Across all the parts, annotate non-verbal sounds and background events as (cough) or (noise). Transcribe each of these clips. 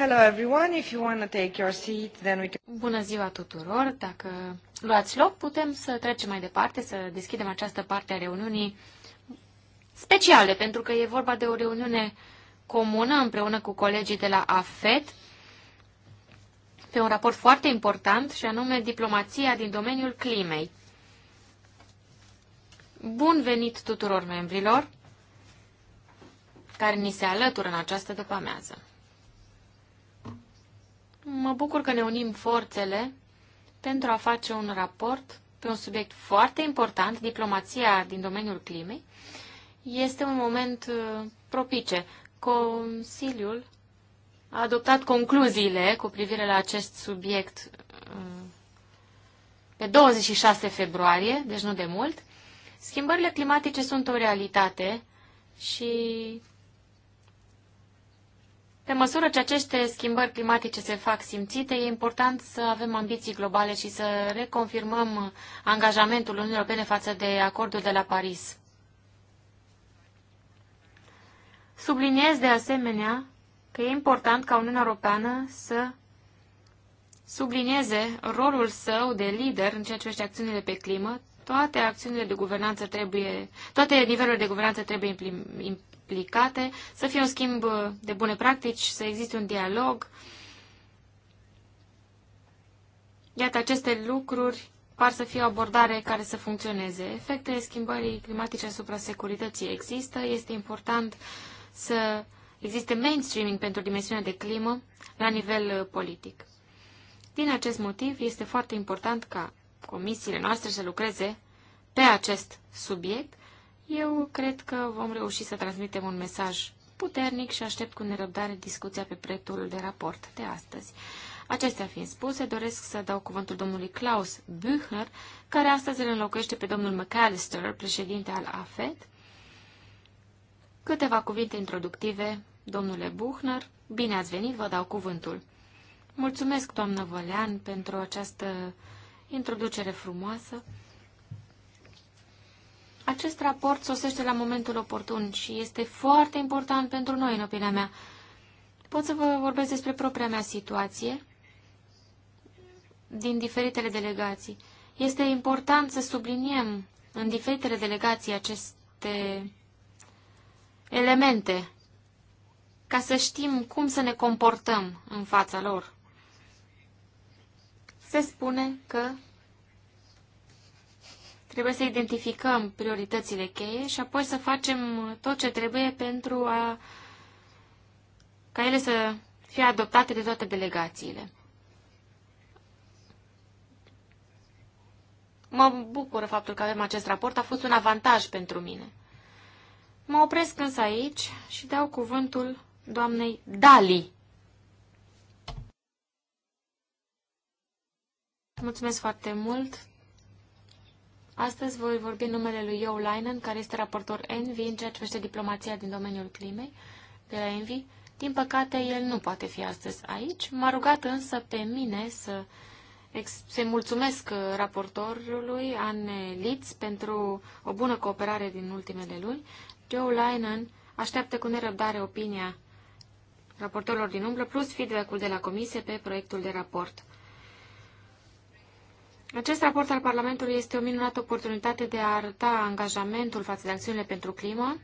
Hello everyone, if you want to take your seat, then we can... Bună ziua tuturor! Dacă luați loc, putem să trecem mai departe, să deschidem această parte a reuniunii speciale, pentru că e vorba de o reuniune comună împreună cu colegii de la AFET pe un raport foarte important și anume diplomația din domeniul climei. Bun venit tuturor membrilor care ni se alătură în această după-amiază. Mă bucur că ne unim forțele pentru a face un raport pe un subiect foarte important, diplomația din domeniul climei. Este un moment uh, propice. Consiliul a adoptat concluziile cu privire la acest subiect uh, pe 26 februarie, deci nu de mult. Schimbările climatice sunt o realitate și pe măsură ce aceste schimbări climatice se fac simțite, e important să avem ambiții globale și să reconfirmăm angajamentul Uniunii Europene față de acordul de la Paris. Subliniez de asemenea că e important ca Uniunea Europeană să sublinieze rolul său de lider în ceea ce privește acțiunile pe climă. Toate acțiunile de guvernanță trebuie, toate nivelurile de guvernanță trebuie implicate, să fie un schimb uh, de bune practici, să existe un dialog. Iată, aceste lucruri par să fie o abordare care să funcționeze. Efectele schimbării climatice asupra securității există, este important să existe mainstreaming pentru dimensiunea de climă la nivel uh, politic. Din acest motiv, este foarte important ca comisiile noastre să lucreze pe acest subiect eu cred că vom reuși să transmitem un mesaj puternic și aștept cu nerăbdare discuția pe proiectul de raport de astăzi. Acestea fiind spuse, doresc să dau cuvântul domnului Klaus Büchner, care astăzi îl înlocuiește pe domnul McAllister, președinte al AFET. Câteva cuvinte introductive, domnule Buchner, bine ați venit, vă dau cuvântul. Mulțumesc, doamnă Vălean, pentru această introducere frumoasă. Acest raport sosește la momentul oportun și este foarte important pentru noi, în opinia mea. Pot să vă vorbesc despre propria mea situație din diferitele delegații. Este important să subliniem în diferitele delegații aceste elemente ca să știm cum să ne comportăm în fața lor. Se spune că Trebuie să identificăm prioritățile cheie și apoi să facem tot ce trebuie pentru a, ca ele să fie adoptate de toate delegațiile. Mă bucură faptul că avem acest raport, a fost un avantaj pentru mine. Mă opresc însă aici și dau cuvântul doamnei Dali. Mulțumesc foarte mult, Astăzi voi vorbi în numele lui Joe Leinen, care este raportor Envy în ceea ce privește diplomația din domeniul climei de la Envy. Din păcate, el nu poate fi astăzi aici. M-a rugat însă pe mine să se mulțumesc raportorului Anne Litz pentru o bună cooperare din ultimele luni. Joe Leinen așteaptă cu nerăbdare opinia raportorilor din umbră, plus feedback-ul de la comisie pe proiectul de raport. Acest raport al Parlamentului este o minunată oportunitate de a arăta angajamentul față de acțiunile pentru climă,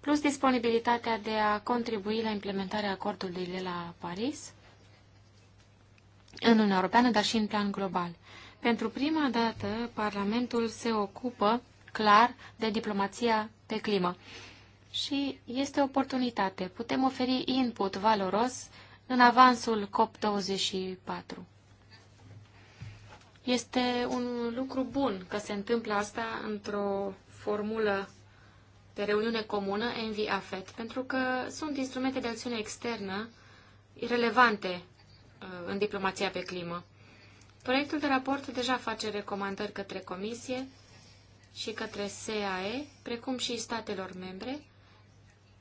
plus disponibilitatea de a contribui la implementarea acordului de la Paris în Uniunea Europeană, dar și în plan global. Pentru prima dată, Parlamentul se ocupă clar de diplomația pe climă. Și este o oportunitate. Putem oferi input valoros în avansul COP24. Este un lucru bun că se întâmplă asta într-o formulă de reuniune comună, Envy AFET, pentru că sunt instrumente de acțiune externă relevante uh, în diplomația pe climă. Proiectul de raport deja face recomandări către Comisie și către SAE, precum și statelor membre,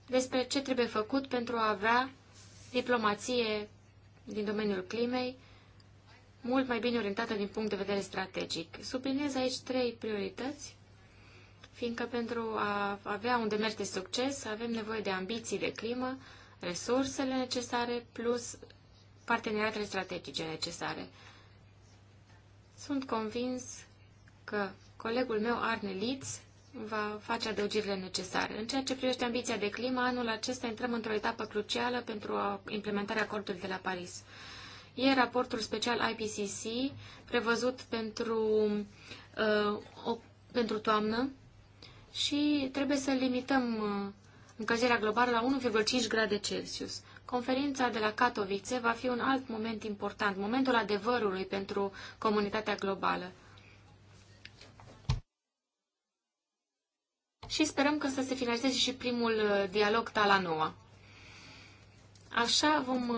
despre ce trebuie făcut pentru a avea diplomație din domeniul climei mult mai bine orientată din punct de vedere strategic. Subliniez aici trei priorități, fiindcă pentru a avea un demers de succes avem nevoie de ambiții de climă, resursele necesare plus parteneriatele strategice necesare. Sunt convins că colegul meu, Arne Litz, va face adăugirile necesare. În ceea ce privește ambiția de climă, anul acesta intrăm într-o etapă crucială pentru implementarea acordului de la Paris e raportul special IPCC prevăzut pentru, uh, o, pentru toamnă și trebuie să limităm uh, încălzirea globală la 1,5 grade Celsius. Conferința de la Katowice va fi un alt moment important, momentul adevărului pentru comunitatea globală. Și sperăm că să se finalizeze și primul uh, dialog Talanoa. Așa vom uh,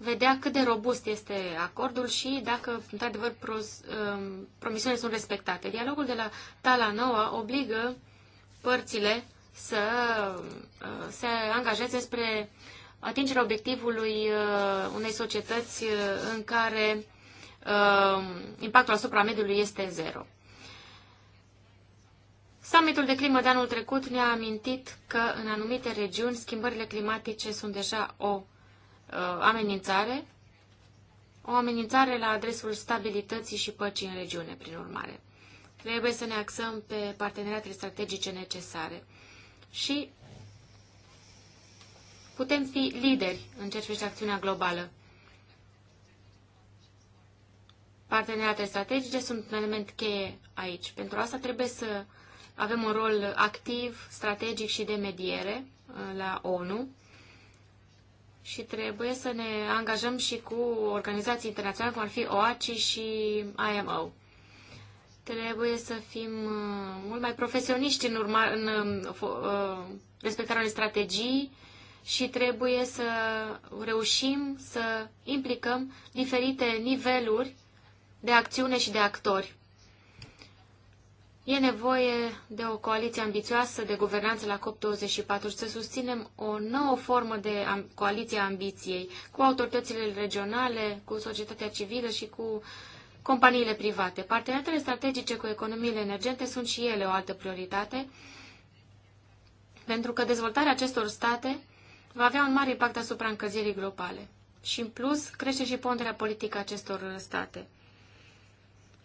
vedea cât de robust este acordul și dacă, într-adevăr, um, promisiunile sunt respectate. Dialogul de la Tala Noua obligă părțile să uh, se angajeze spre atingerea obiectivului uh, unei societăți uh, în care um, impactul asupra mediului este zero. Summitul de climă de anul trecut ne-a amintit că în anumite regiuni schimbările climatice sunt deja o Uh, amenințare, o amenințare la adresul stabilității și păcii în regiune, prin urmare. Trebuie să ne axăm pe parteneriatele strategice necesare și putem fi lideri în ceea ce privește acțiunea globală. Parteneriatele strategice sunt un element cheie aici. Pentru asta trebuie să avem un rol activ, strategic și de mediere uh, la ONU și trebuie să ne angajăm și cu organizații internaționale, cum ar fi OACI și IMO. Trebuie să fim uh, mult mai profesioniști în, urma, în, în um, uh, respectarea unei strategii și trebuie să reușim să implicăm diferite niveluri de acțiune și de actori. E nevoie de o coaliție ambițioasă de guvernanță la COP24 și să susținem o nouă formă de am- coaliție a ambiției cu autoritățile regionale, cu societatea civilă și cu companiile private. Parteneriatele strategice cu economiile emergente sunt și ele o altă prioritate, pentru că dezvoltarea acestor state va avea un mare impact asupra încălzirii globale. Și, în plus, crește și ponderea politică a acestor state.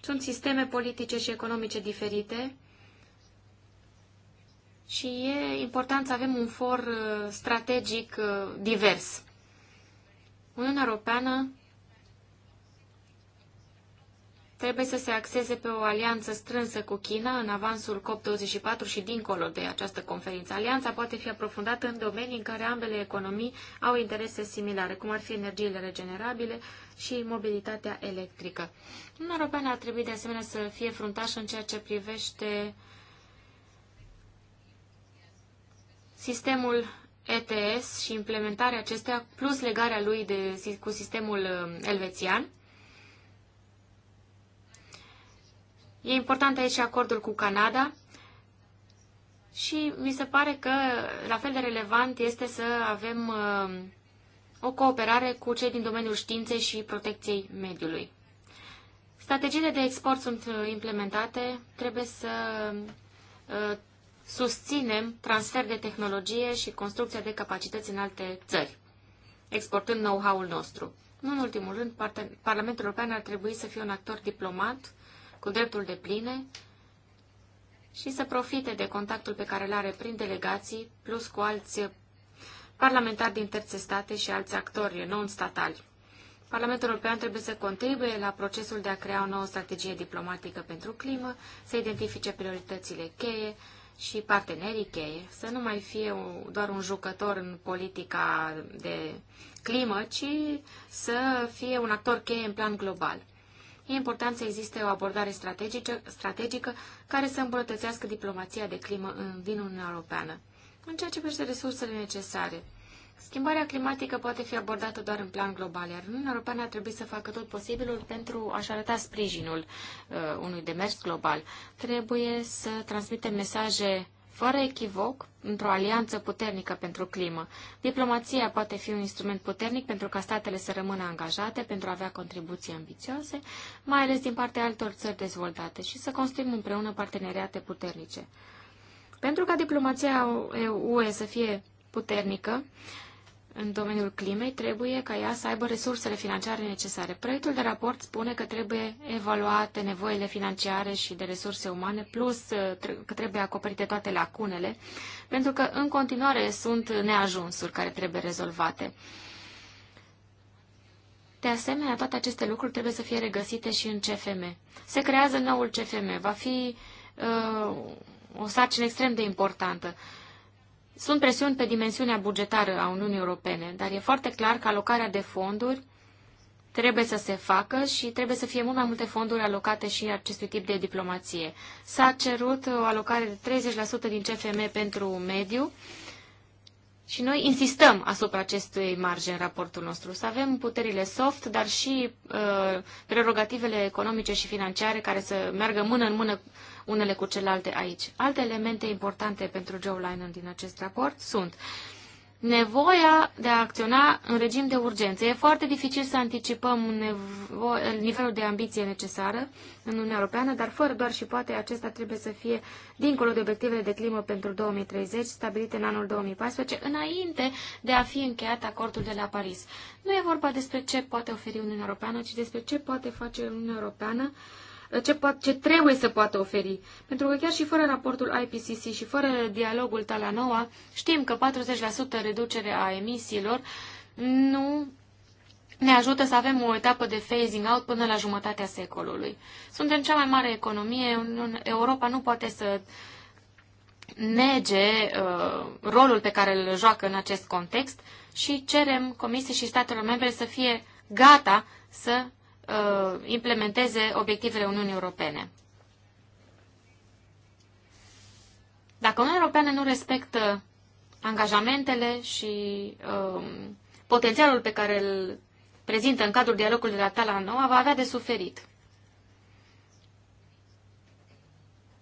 Sunt sisteme politice și economice diferite și e important să avem un for uh, strategic uh, divers. Uniunea Europeană trebuie să se axeze pe o alianță strânsă cu China în avansul COP24 și dincolo de această conferință. Alianța poate fi aprofundată în domenii în care ambele economii au interese similare, cum ar fi energiile regenerabile și mobilitatea electrică. Uniunea Europeană ar trebui de asemenea să fie fruntașă în ceea ce privește sistemul ETS și implementarea acestea, plus legarea lui de, cu sistemul uh, elvețian. E important aici și acordul cu Canada și mi se pare că la fel de relevant este să avem uh, o cooperare cu cei din domeniul științei și protecției mediului. Strategiile de export sunt uh, implementate, trebuie să uh, susținem transfer de tehnologie și construcția de capacități în alte țări, exportând know-how-ul nostru. Nu în ultimul rând, Parlamentul European ar trebui să fie un actor diplomat cu dreptul de pline și să profite de contactul pe care îl are prin delegații, plus cu alți parlamentari din terțe state și alți actori non-statali. Parlamentul European trebuie să contribuie la procesul de a crea o nouă strategie diplomatică pentru climă, să identifice prioritățile cheie și partenerii cheie, să nu mai fie doar un jucător în politica de climă, ci să fie un actor cheie în plan global. E important să existe o abordare strategică, strategică care să îmbunătățească diplomația de climă în, din Uniunea Europeană. În ceea ce privește resursele necesare, schimbarea climatică poate fi abordată doar în plan global, iar Uniunea Europeană ar trebui să facă tot posibilul pentru a-și arăta sprijinul uh, unui demers global. Trebuie să transmitem mesaje uh, fără echivoc, într-o alianță puternică pentru climă. Diplomația poate fi un instrument puternic pentru ca statele să rămână angajate, pentru a avea contribuții ambițioase, mai ales din partea altor țări dezvoltate și să construim împreună parteneriate puternice. Pentru ca diplomația UE să fie puternică, în domeniul climei trebuie ca ea să aibă resursele financiare necesare. Proiectul de raport spune că trebuie evaluate nevoile financiare și de resurse umane, plus uh, că trebuie acoperite toate lacunele, pentru că în continuare sunt neajunsuri care trebuie rezolvate. De asemenea, toate aceste lucruri trebuie să fie regăsite și în CFM. Se creează noul CFM, va fi uh, o sarcină extrem de importantă. Uh, sunt presiuni pe dimensiunea bugetară a Uniunii Europene, dar e foarte clar că alocarea de fonduri trebuie să se facă și trebuie să fie mult mai multe fonduri alocate și acestui tip de diplomație. S-a cerut o alocare de 30% din CFM pentru mediu și noi insistăm asupra acestui marge în raportul nostru. Să avem puterile soft, dar și uh, prerogativele economice și financiare care să meargă mână în mână unele cu celelalte aici. Alte elemente importante pentru Joe Linen din acest raport sunt nevoia de a acționa în regim de urgență. E foarte dificil să anticipăm nivelul de ambiție necesară în Uniunea Europeană, dar fără doar și poate acesta trebuie să fie dincolo de obiectivele de climă pentru 2030 stabilite în anul 2014, înainte de a fi încheiat acordul de la Paris. Nu e vorba despre ce poate oferi Uniunea Europeană, ci despre ce poate face Uniunea Europeană uh, ce, po- ce trebuie să poată oferi. Pentru că chiar și fără raportul IPCC și fără dialogul Talanoa, știm că 40% reducere a emisiilor nu ne ajută să avem o etapă de phasing out până la jumătatea secolului. Suntem cea mai mare economie, Europa nu poate să nege uh, rolul pe care îl joacă în acest context și cerem Comisiei și statelor membre să fie gata să uh, implementeze obiectivele Uniunii Europene. Dacă Uniunea Europeană nu respectă angajamentele și uh, potențialul pe care îl prezintă în cadrul dialogului de la noua va avea de suferit.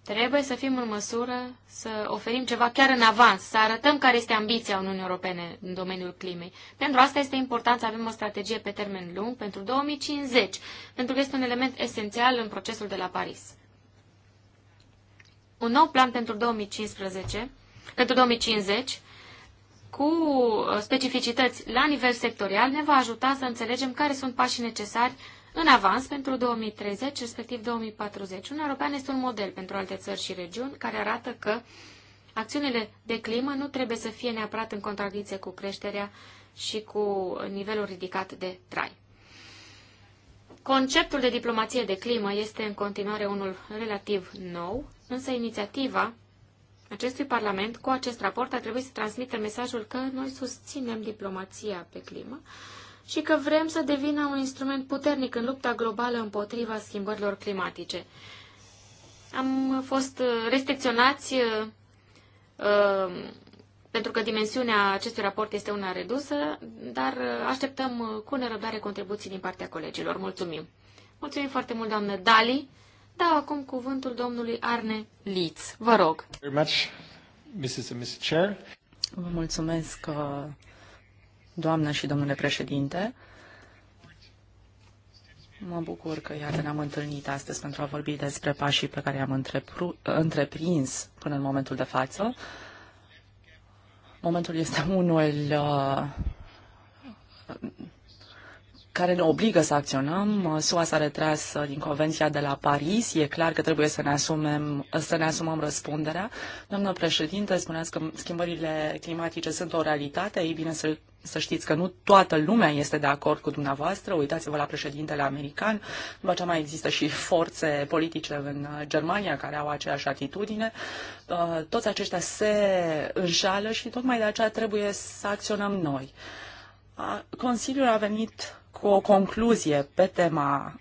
Trebuie să fim în măsură să oferim ceva chiar în avans, să arătăm care este ambiția Uniunii Europene în domeniul climei. Pentru asta este important să avem o strategie pe termen lung pentru 2050, pentru că este un element esențial în procesul de la Paris. Un nou plan pentru 2015, pentru 2050, cu specificități la nivel sectorial, ne va ajuta să înțelegem care sunt pașii necesari în avans pentru 2030, respectiv 2040. Uniunea Europeană este un model pentru alte țări și regiuni care arată că acțiunile de climă nu trebuie să fie neapărat în contradicție cu creșterea și cu nivelul ridicat de trai. Conceptul de diplomație de climă este în continuare unul relativ nou, însă inițiativa acestui Parlament cu acest raport a trebuit să transmită mesajul că noi susținem diplomația pe climă și că vrem să devină un instrument puternic în lupta globală împotriva schimbărilor climatice. Am fost restricționați uh, uh, pentru că dimensiunea acestui raport este una redusă, dar uh, așteptăm cu nerăbdare contribuții din partea colegilor. Mulțumim! Mulțumim foarte mult, doamnă Dali! Dau acum cuvântul domnului Arne Liț. Vă rog! Vă mulțumesc, doamnă și domnule președinte. Mă bucur că, iată, ne-am întâlnit astăzi pentru a vorbi despre pașii pe care i-am întreprins până în momentul de față. Momentul este (laughs) unul uh, care ne obligă să acționăm. SUA s-a retras uh, din Convenția de la Paris. E clar că trebuie să ne, asumem, uh, să ne asumăm răspunderea. Doamnă președinte, spuneați că schimbările climatice sunt o realitate. Ei bine, să să știți că nu toată lumea este de acord cu dumneavoastră. Uitați-vă la președintele american. După aceea mai există și forțe politice în uh, Germania care au aceeași atitudine. Uh, toți aceștia se înșală și tocmai de aceea trebuie să acționăm noi. Consiliul a venit cu o concluzie pe tema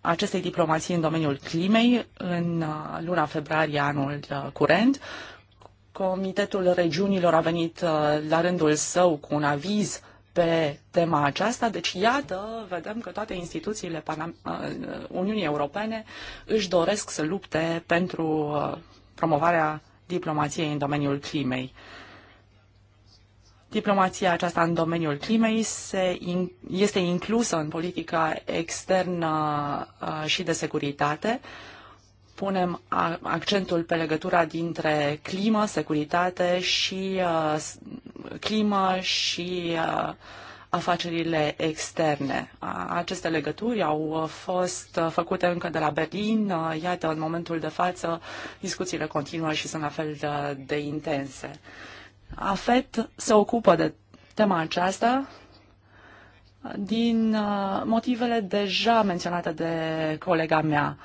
acestei diplomații în domeniul climei în uh, luna februarie anul curent. Comitetul Regiunilor a venit uh, la rândul său cu un aviz pe tema aceasta. Deci, iată, vedem că toate instituțiile uh, uh, Uniunii Europene își doresc să lupte pentru promovarea diplomației în domeniul climei. Diplomația aceasta în domeniul climei se in, este inclusă în politica externă și de securitate. Uh, punem accentul pe legătura dintre climă, securitate și uh, climă și uh, afacerile externe. Aceste legături au uh, fost uh, făcute încă de la Berlin. Uh, iată, în momentul de față, discuțiile continuă și sunt la fel de, de intense. AFET se ocupă de tema aceasta din motivele deja menționate de colega mea.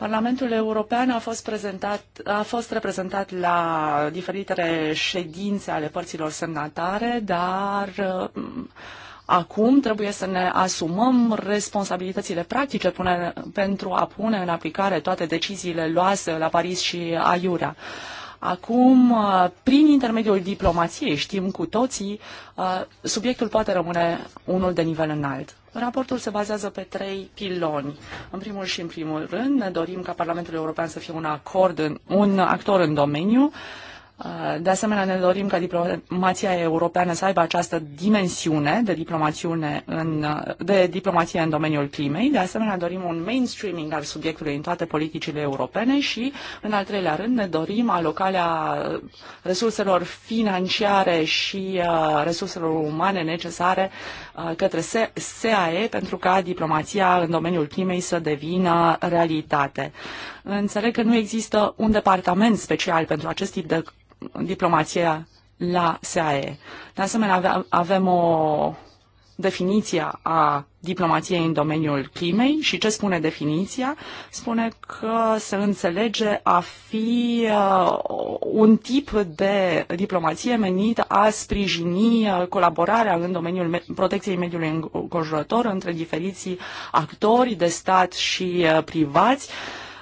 Parlamentul European a fost, prezentat, a fost reprezentat la diferitele ședințe ale părților semnatare, dar uh, acum trebuie să ne asumăm responsabilitățile practice pune, pentru a pune în aplicare toate deciziile luase la Paris și Aiurea. Acum, uh, prin intermediul diplomației, știm cu toții, uh, subiectul poate rămâne unul de nivel înalt. Raportul se bazează pe trei piloni. În primul și în primul rând, ne dorim ca Parlamentul European să fie un acord, un actor în domeniu. De asemenea, ne dorim ca diplomația europeană să aibă această dimensiune de, diplomațiune în, de diplomație în domeniul climei. De asemenea, dorim un mainstreaming al subiectului în toate politicile europene și, în al treilea rând, ne dorim alocarea resurselor financiare și uh, resurselor umane necesare uh, către SAE pentru ca diplomația în domeniul climei să devină realitate. Înțeleg că nu există un departament special pentru acest tip de diplomația la SAE. De asemenea, avem o definiție a diplomației în domeniul climei și ce spune definiția? Spune că se înțelege a fi uh, un tip de diplomație menit a sprijini uh, colaborarea în domeniul protecției mediului înconjurător între diferiții actori de stat și uh, privați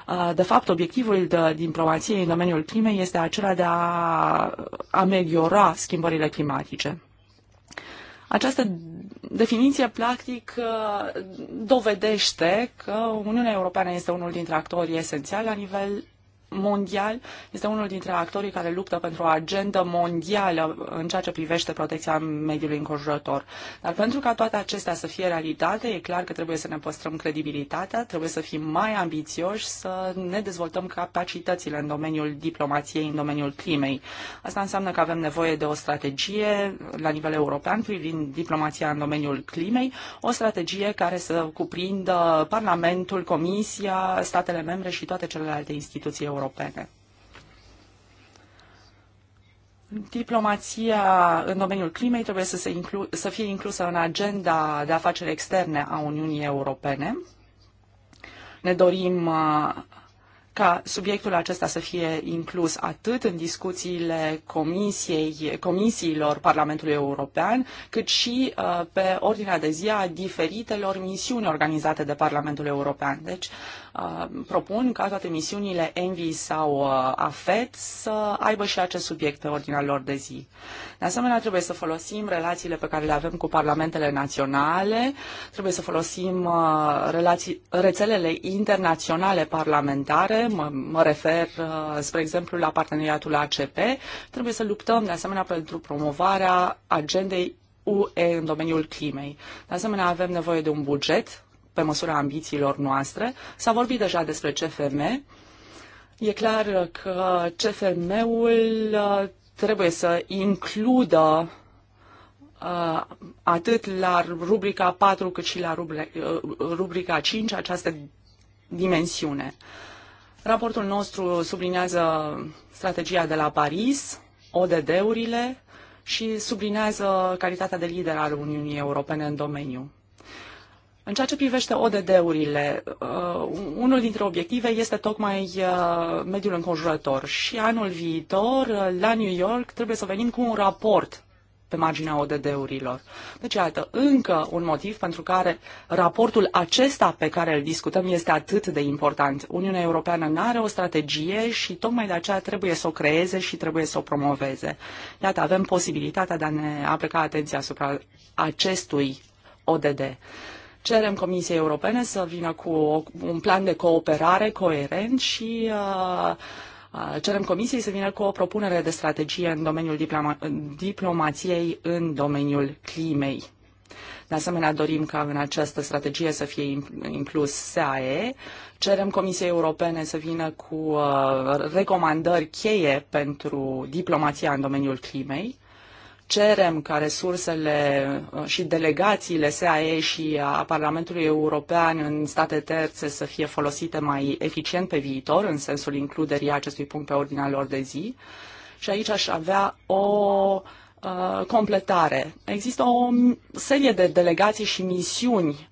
Uh, de fapt, obiectivul de diplomației în domeniul climei este acela de a ameliora schimbările climatice. Această definiție, practic, uh, dovedește că Uniunea Europeană este unul dintre actorii esențiali la nivel mondial este unul dintre actorii care luptă pentru o agendă mondială în ceea ce privește protecția mediului înconjurător. Dar pentru ca toate acestea să fie realitate, e clar că trebuie să ne păstrăm credibilitatea, trebuie să fim mai ambițioși, să ne dezvoltăm capacitățile în domeniul diplomației, în domeniul climei. Asta înseamnă că avem nevoie de o strategie la nivel european privind diplomația în domeniul climei, o strategie care să cuprindă Parlamentul, Comisia, statele membre și toate celelalte instituții europene europene. Diplomația în domeniul climei trebuie să, se inclu- să fie inclusă în agenda de afaceri externe a Uniunii Europene. Ne dorim uh, ca subiectul acesta să fie inclus atât în discuțiile comisiei, comisiilor Parlamentului European, cât și uh, pe ordinea de zi a diferitelor misiuni organizate de Parlamentul European. Deci Uh, propun ca toate misiunile Envy sau uh, AFET să aibă și acest subiect pe ordinea lor de zi. De asemenea, trebuie să folosim relațiile pe care le avem cu parlamentele naționale, trebuie să folosim uh, relații, rețelele internaționale parlamentare, mă, mă refer, spre exemplu, la parteneriatul ACP, trebuie să luptăm, de asemenea, pentru promovarea agendei UE în domeniul climei. De asemenea, avem nevoie de un buget pe măsura ambițiilor noastre. S-a vorbit deja despre CFM. E clar că CFM-ul uh, trebuie să includă uh, atât la rubrica 4 cât și la uh, rubrica 5 această dimensiune. Raportul nostru sublinează strategia de la Paris, ODD-urile și sublinează calitatea de lider al Uniunii Europene în domeniu. În ceea ce privește ODD-urile, uh, unul dintre obiective este tocmai uh, mediul înconjurător și anul viitor, uh, la New York, trebuie să venim cu un raport pe marginea ODD-urilor. Deci, iată, încă un motiv pentru care raportul acesta pe care îl discutăm este atât de important. Uniunea Europeană nu are o strategie și tocmai de aceea trebuie să o creeze și trebuie să o promoveze. Iată, avem posibilitatea de a ne apleca atenția asupra acestui ODD. Cerem Comisiei Europene să vină cu un plan de cooperare coerent și uh, uh, cerem Comisiei să vină cu o propunere de strategie în domeniul diploma- diplomației, în domeniul climei. De asemenea, dorim ca în această strategie să fie inclus SAE. Cerem Comisiei Europene să vină cu uh, recomandări cheie pentru diplomația în domeniul climei cerem ca resursele uh, și delegațiile SAE și a Parlamentului European în state terțe să fie folosite mai eficient pe viitor, în sensul includerii acestui punct pe ordinea lor de zi. Și aici aș avea o uh, completare. Există o serie de delegații și misiuni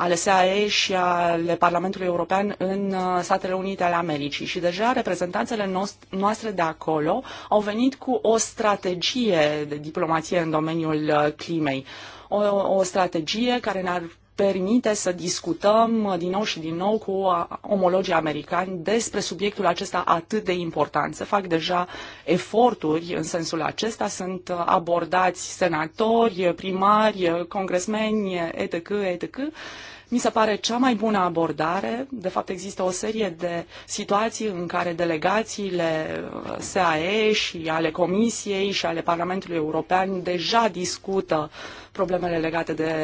ale SAE și ale Parlamentului European în uh, Statele Unite ale Americii. Și deja reprezentanțele noastre de acolo au venit cu o strategie de diplomație în domeniul uh, climei. O, o strategie care ne-ar permite să discutăm uh, din nou și din nou cu uh, omologii americani despre subiectul acesta atât de important. Se fac deja eforturi în sensul acesta, sunt uh, abordați senatori, primari, congresmeni, etc., etc., mi se pare cea mai bună abordare. De fapt, există o serie de situații în care delegațiile SAE și ale Comisiei și ale Parlamentului European deja discută problemele legate de,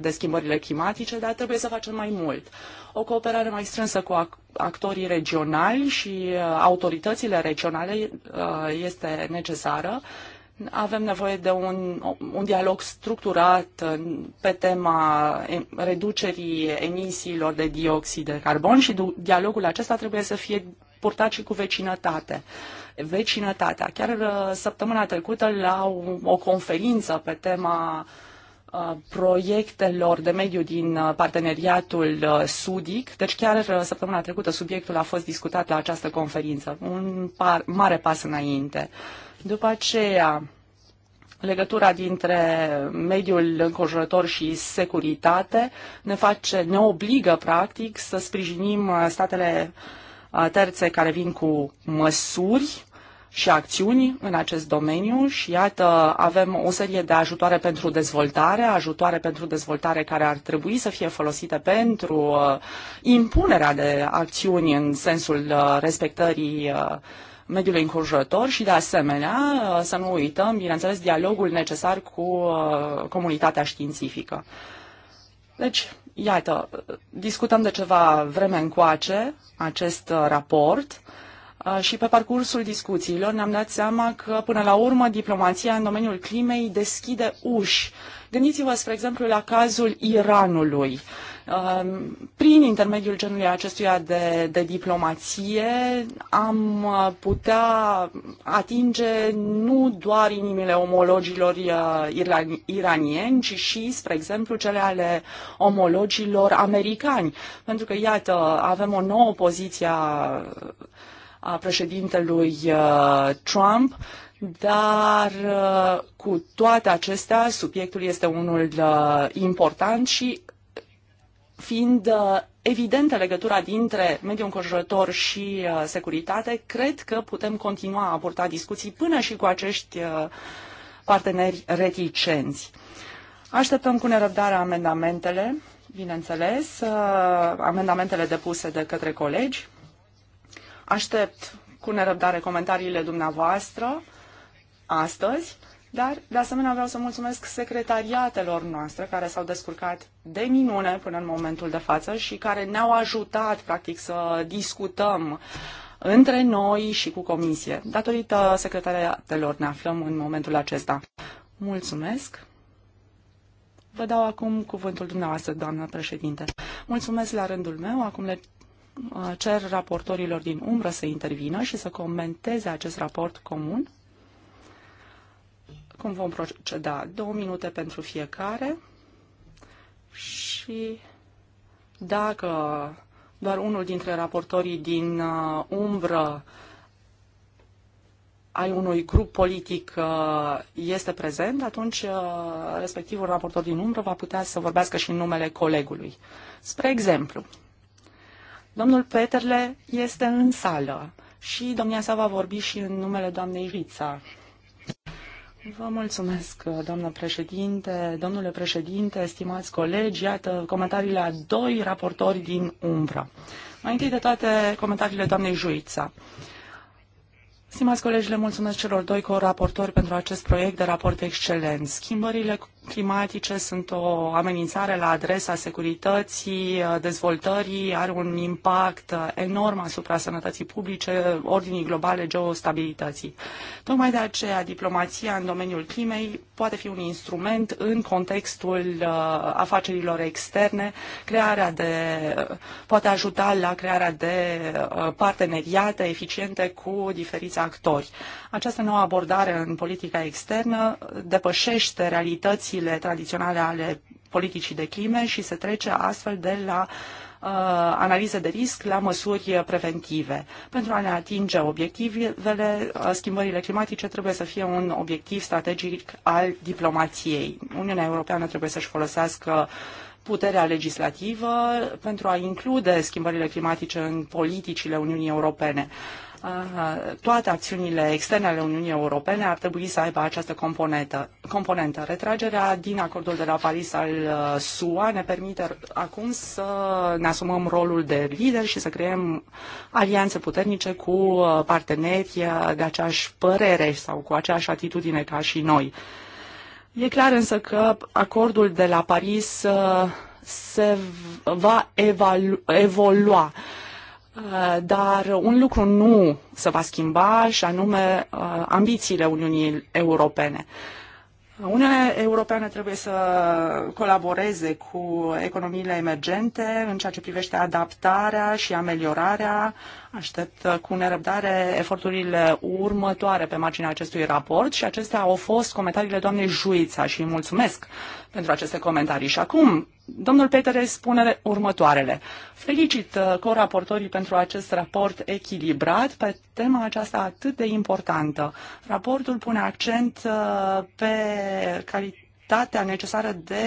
de schimbările climatice, dar trebuie să facem mai mult. O cooperare mai strânsă cu actorii regionali și uh, autoritățile regionale uh, este necesară avem nevoie de un, un dialog structurat uh, pe tema reducerii emisiilor de dioxid de carbon și dialogul acesta trebuie să fie purtat și cu vecinătate. Vecinătatea. Chiar uh, săptămâna trecută la o conferință pe tema uh, proiectelor de mediu din parteneriatul sudic. Deci chiar săptămâna trecută subiectul a fost discutat la această conferință. Un par, mare pas înainte. Uh, după aceea, legătura dintre mediul înconjurător și securitate ne face, ne obligă practic să sprijinim uh, statele uh, terțe care vin cu măsuri și acțiuni în acest domeniu și iată avem o serie de ajutoare pentru dezvoltare, ajutoare pentru dezvoltare care ar trebui să fie folosite pentru uh, impunerea de acțiuni în sensul uh, respectării uh, mediului înconjurător și, de asemenea, uh, să nu uităm, bineînțeles, dialogul necesar cu uh, comunitatea științifică. Deci, iată, discutăm de ceva vreme încoace acest uh, raport și pe parcursul discuțiilor ne-am dat seama că, până la urmă, diplomația în domeniul climei deschide uși. Gândiți-vă, spre exemplu, la cazul Iranului. Uh, Um, prin intermediul genului acestuia de, de diplomație am uh, putea atinge nu doar inimile omologilor uh, iranieni, ci și, spre exemplu, cele ale omologilor americani. Pentru că, iată, avem o nouă poziție a, a președintelui uh, Trump dar cu toate acestea, subiectul este unul important și fiind uh, evidentă legătura dintre mediul înconjurător și uh, securitate, cred că putem continua a purta discuții până și cu acești uh, parteneri reticenți. Așteptăm cu nerăbdare amendamentele, bineînțeles, amendamentele depuse de către colegi. Aștept cu nerăbdare comentariile dumneavoastră astăzi dar, de asemenea, vreau să mulțumesc secretariatelor noastre care s-au descurcat de minune până în momentul de față și care ne-au ajutat, practic, să discutăm între noi și cu comisie. Datorită secretariatelor ne aflăm în momentul acesta. Mulțumesc! Vă dau acum cuvântul dumneavoastră, doamnă președinte. Mulțumesc la rândul meu. Acum le uh, cer raportorilor din umbră să intervină și să comenteze acest raport comun. Cum vom proceda? Două minute pentru fiecare și dacă doar unul dintre raportorii din uh, umbră ai unui grup politic uh, este prezent, atunci uh, respectivul raportor din umbră va putea să vorbească și în numele colegului. Spre exemplu, domnul Peterle este în sală și domnia sa va vorbi și în numele doamnei Rița. Vă mulțumesc, doamnă președinte, domnule președinte, stimați colegi, iată comentariile a doi raportori din umbra. Mai întâi de toate, comentariile doamnei Juița. Stimați colegi, le mulțumesc celor doi co-raportori pentru acest proiect de raport excelent. Schimbările climatice sunt o amenințare la adresa securității, dezvoltării, are un impact enorm asupra sănătății publice, ordinii globale, geostabilității. Tocmai de aceea, diplomația în domeniul climei poate fi un instrument în contextul uh, afacerilor externe, crearea de, uh, poate ajuta la crearea de uh, parteneriate eficiente cu diferiți actori. Această nouă abordare în politica externă depășește realității definițiile tradiționale ale politicii de crime și se trece astfel de la uh, analize de risc la măsuri preventive. Pentru a ne atinge obiectivele, uh, schimbările climatice trebuie să fie un obiectiv strategic al diplomației. Uniunea Europeană trebuie să-și folosească puterea legislativă pentru a include schimbările climatice în politicile Uniunii Europene. Uh, toate acțiunile externe ale Uniunii Europene ar trebui să aibă această componentă. componentă. Retragerea din acordul de la Paris al uh, SUA ne permite acum să ne asumăm rolul de lider și să creăm alianțe puternice cu uh, parteneri uh, de aceeași părere sau cu aceeași atitudine ca și noi. E clar însă că acordul de la Paris se va evolua Eh, dar un lucru nu se va schimba și anume eh, ambițiile Uniunii Europene. Uniunea Europeană trebuie să colaboreze cu economiile emergente în ceea ce privește adaptarea și ameliorarea. Aștept cu nerăbdare eforturile următoare pe marginea acestui raport și acestea au fost comentariile doamnei Juița și îi mulțumesc pentru aceste comentarii. Și acum Domnul Petere spune următoarele. Felicit uh, coraportorii pentru acest raport echilibrat pe tema aceasta atât de importantă. Raportul pune accent uh, pe calitatea necesară de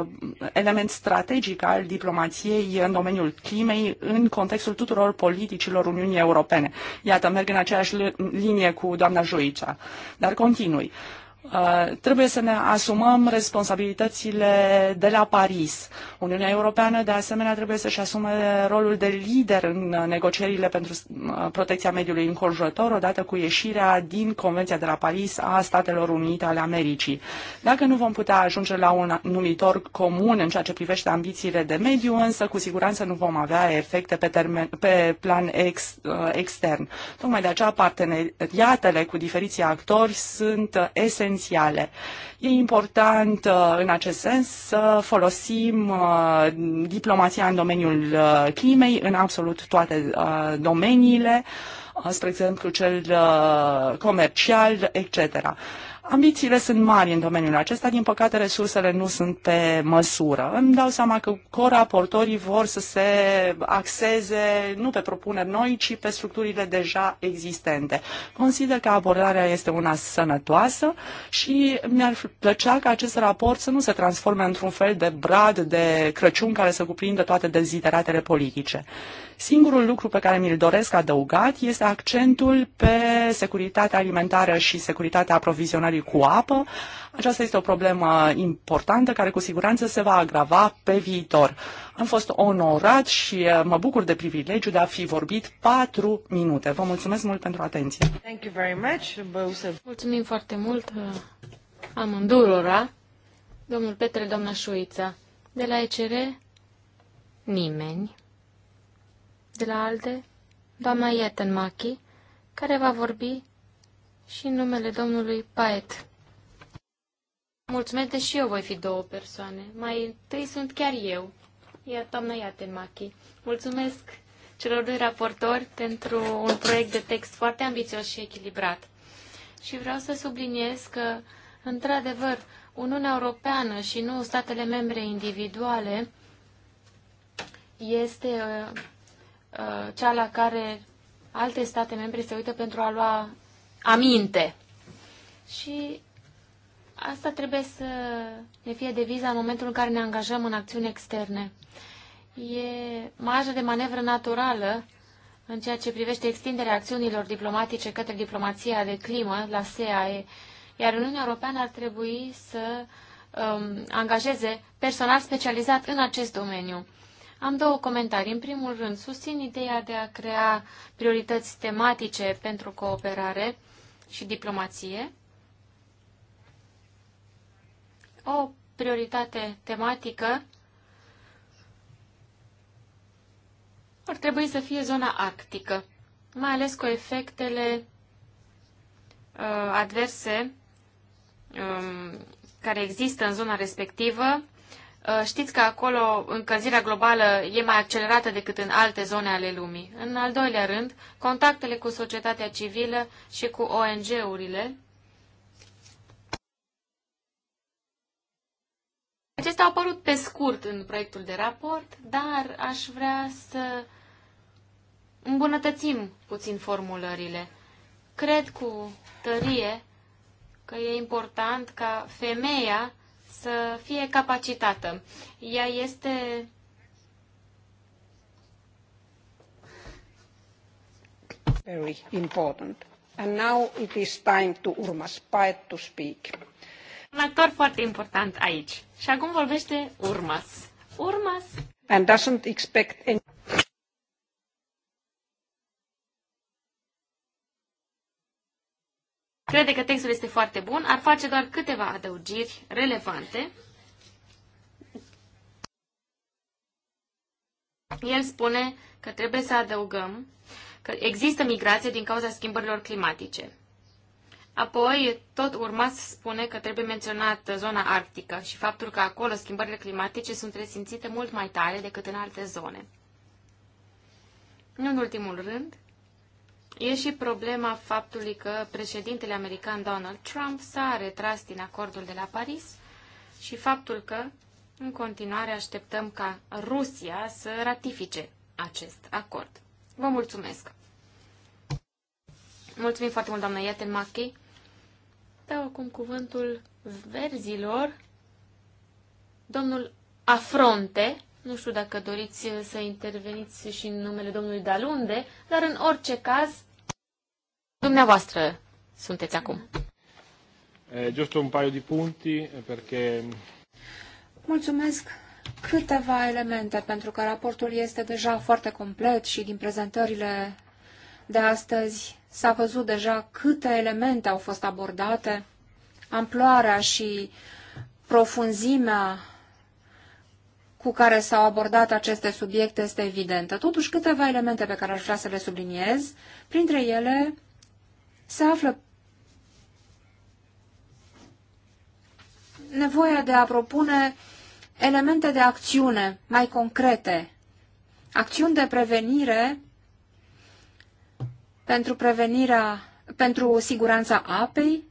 uh, element strategic al diplomației în domeniul climei în contextul tuturor politicilor Uniunii Europene. Iată, merg în aceeași linie cu doamna Joicea, dar continui. Uh, trebuie să ne asumăm responsabilitățile de la Paris. Uniunea Europeană, de asemenea, trebuie să-și asume rolul de lider în uh, negocierile pentru uh, protecția mediului înconjurător, odată cu ieșirea din Convenția de la Paris a Statelor Unite ale Americii. Dacă nu vom putea ajunge la un numitor comun în ceea ce privește ambițiile de mediu, însă cu siguranță nu vom avea efecte pe, termen, pe plan ex, extern. Tocmai de aceea parteneriatele cu diferiții actori sunt esențiale esențiale. E important uh, în acest sens să folosim uh, diplomația în domeniul uh, climei în absolut toate domeniile, spre exemplu cel comercial, etc. Ambițiile sunt mari în domeniul acesta, din păcate resursele nu sunt pe măsură. Îmi dau seama că coraportorii vor să se axeze nu pe propuneri noi, ci pe structurile deja existente. Consider că abordarea este una sănătoasă și mi-ar plăcea ca acest raport să nu se transforme într-un fel de brad de Crăciun care să cuprindă toate dezideratele politice. Singurul lucru pe care mi-l doresc adăugat este accentul pe securitatea alimentară și securitatea aprovizionării cu apă. Aceasta este o problemă importantă care cu siguranță se va agrava pe viitor. Am fost onorat și eh, mă bucur de privilegiu de a fi vorbit patru minute. Vă mulțumesc mult pentru atenție. Thank you very much, Mulțumim foarte mult eh, amândurora, domnul Petre, doamna Șuița. De la ECR, nimeni de la ALDE, doamna Machi, care va vorbi și în numele domnului Paet. Mulțumesc, și eu voi fi două persoane. Mai întâi sunt chiar eu, iar doamna Machi. Mulțumesc celor doi raportori pentru un proiect de text foarte ambițios și echilibrat. Și vreau să subliniez că, într-adevăr, Uniunea Europeană și nu statele membre individuale este uh, Uh, cea la care alte state membre se uită pentru a lua aminte. Și asta trebuie să ne fie deviza în momentul în care ne angajăm în acțiuni externe. E marja de manevră naturală în ceea ce privește extinderea acțiunilor diplomatice către diplomația de climă la SEAE, iar Uniunea Europeană ar trebui să um, angajeze personal specializat în acest domeniu. Am două comentarii. În primul rând, susțin ideea de a crea priorități tematice pentru cooperare și diplomație. O prioritate tematică ar trebui să fie zona arctică, mai ales cu efectele uh, adverse um, care există în zona respectivă, Uh, știți că acolo încălzirea globală e mai accelerată decât în alte zone ale lumii. În al doilea rând, contactele cu societatea civilă și cu ONG-urile. Acestea au apărut pe scurt în proiectul de raport, dar aș vrea să îmbunătățim puțin formulările. Cred cu tărie că e important ca femeia să fie capacitată. Ea este very important. And now it is time to Urma Spaet to speak. Un actor foarte important aici. Și acum vorbește Urmas. Urmas. And doesn't expect any... crede că textul este foarte bun, ar face doar câteva adăugiri relevante. El spune că trebuie să adăugăm că există migrație din cauza schimbărilor climatice. Apoi, tot urma să spune că trebuie menționat zona arctică și faptul că acolo schimbările climatice sunt resimțite mult mai tare decât în alte zone. în ultimul rând, E și problema faptului că președintele american Donald Trump s-a retras din acordul de la Paris și faptul că, în continuare, așteptăm ca Rusia să ratifice acest acord. Vă mulțumesc! Mulțumim foarte mult, doamna Iaten Machi. Dau acum cuvântul verzilor. Domnul Afronte, nu știu dacă doriți să interveniți și în numele domnului Dalunde, dar în orice caz Dumneavoastră sunteți acum. Just eh, un paio di punti, eh, perché... Mulțumesc câteva elemente, pentru că raportul este deja foarte complet și din prezentările de astăzi s-a văzut deja câte elemente au fost abordate, amploarea și profunzimea cu care s-au abordat aceste subiecte este evidentă. Totuși, câteva elemente pe care aș vrea să le subliniez, printre ele se află nevoia de a propune elemente de acțiune mai concrete, acțiuni de prevenire pentru prevenirea, pentru siguranța apei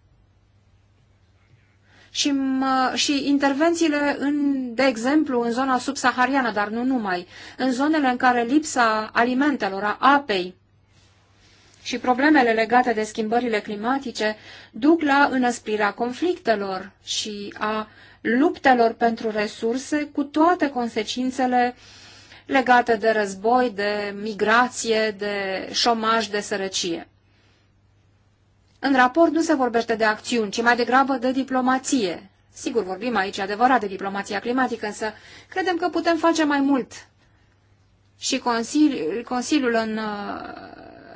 și, mă, și intervențiile, în, de exemplu, în zona subsahariană, dar nu numai, în zonele în care lipsa alimentelor, a apei și problemele legate de schimbările climatice duc la înăspirea conflictelor și a luptelor pentru resurse cu toate consecințele legate de război, de migrație, de șomaj, de sărăcie. În raport nu se vorbește de acțiuni, ci mai degrabă de diplomație. Sigur, vorbim aici adevărat de diplomația climatică, însă credem că putem face mai mult. Și Consiliul, Consiliul în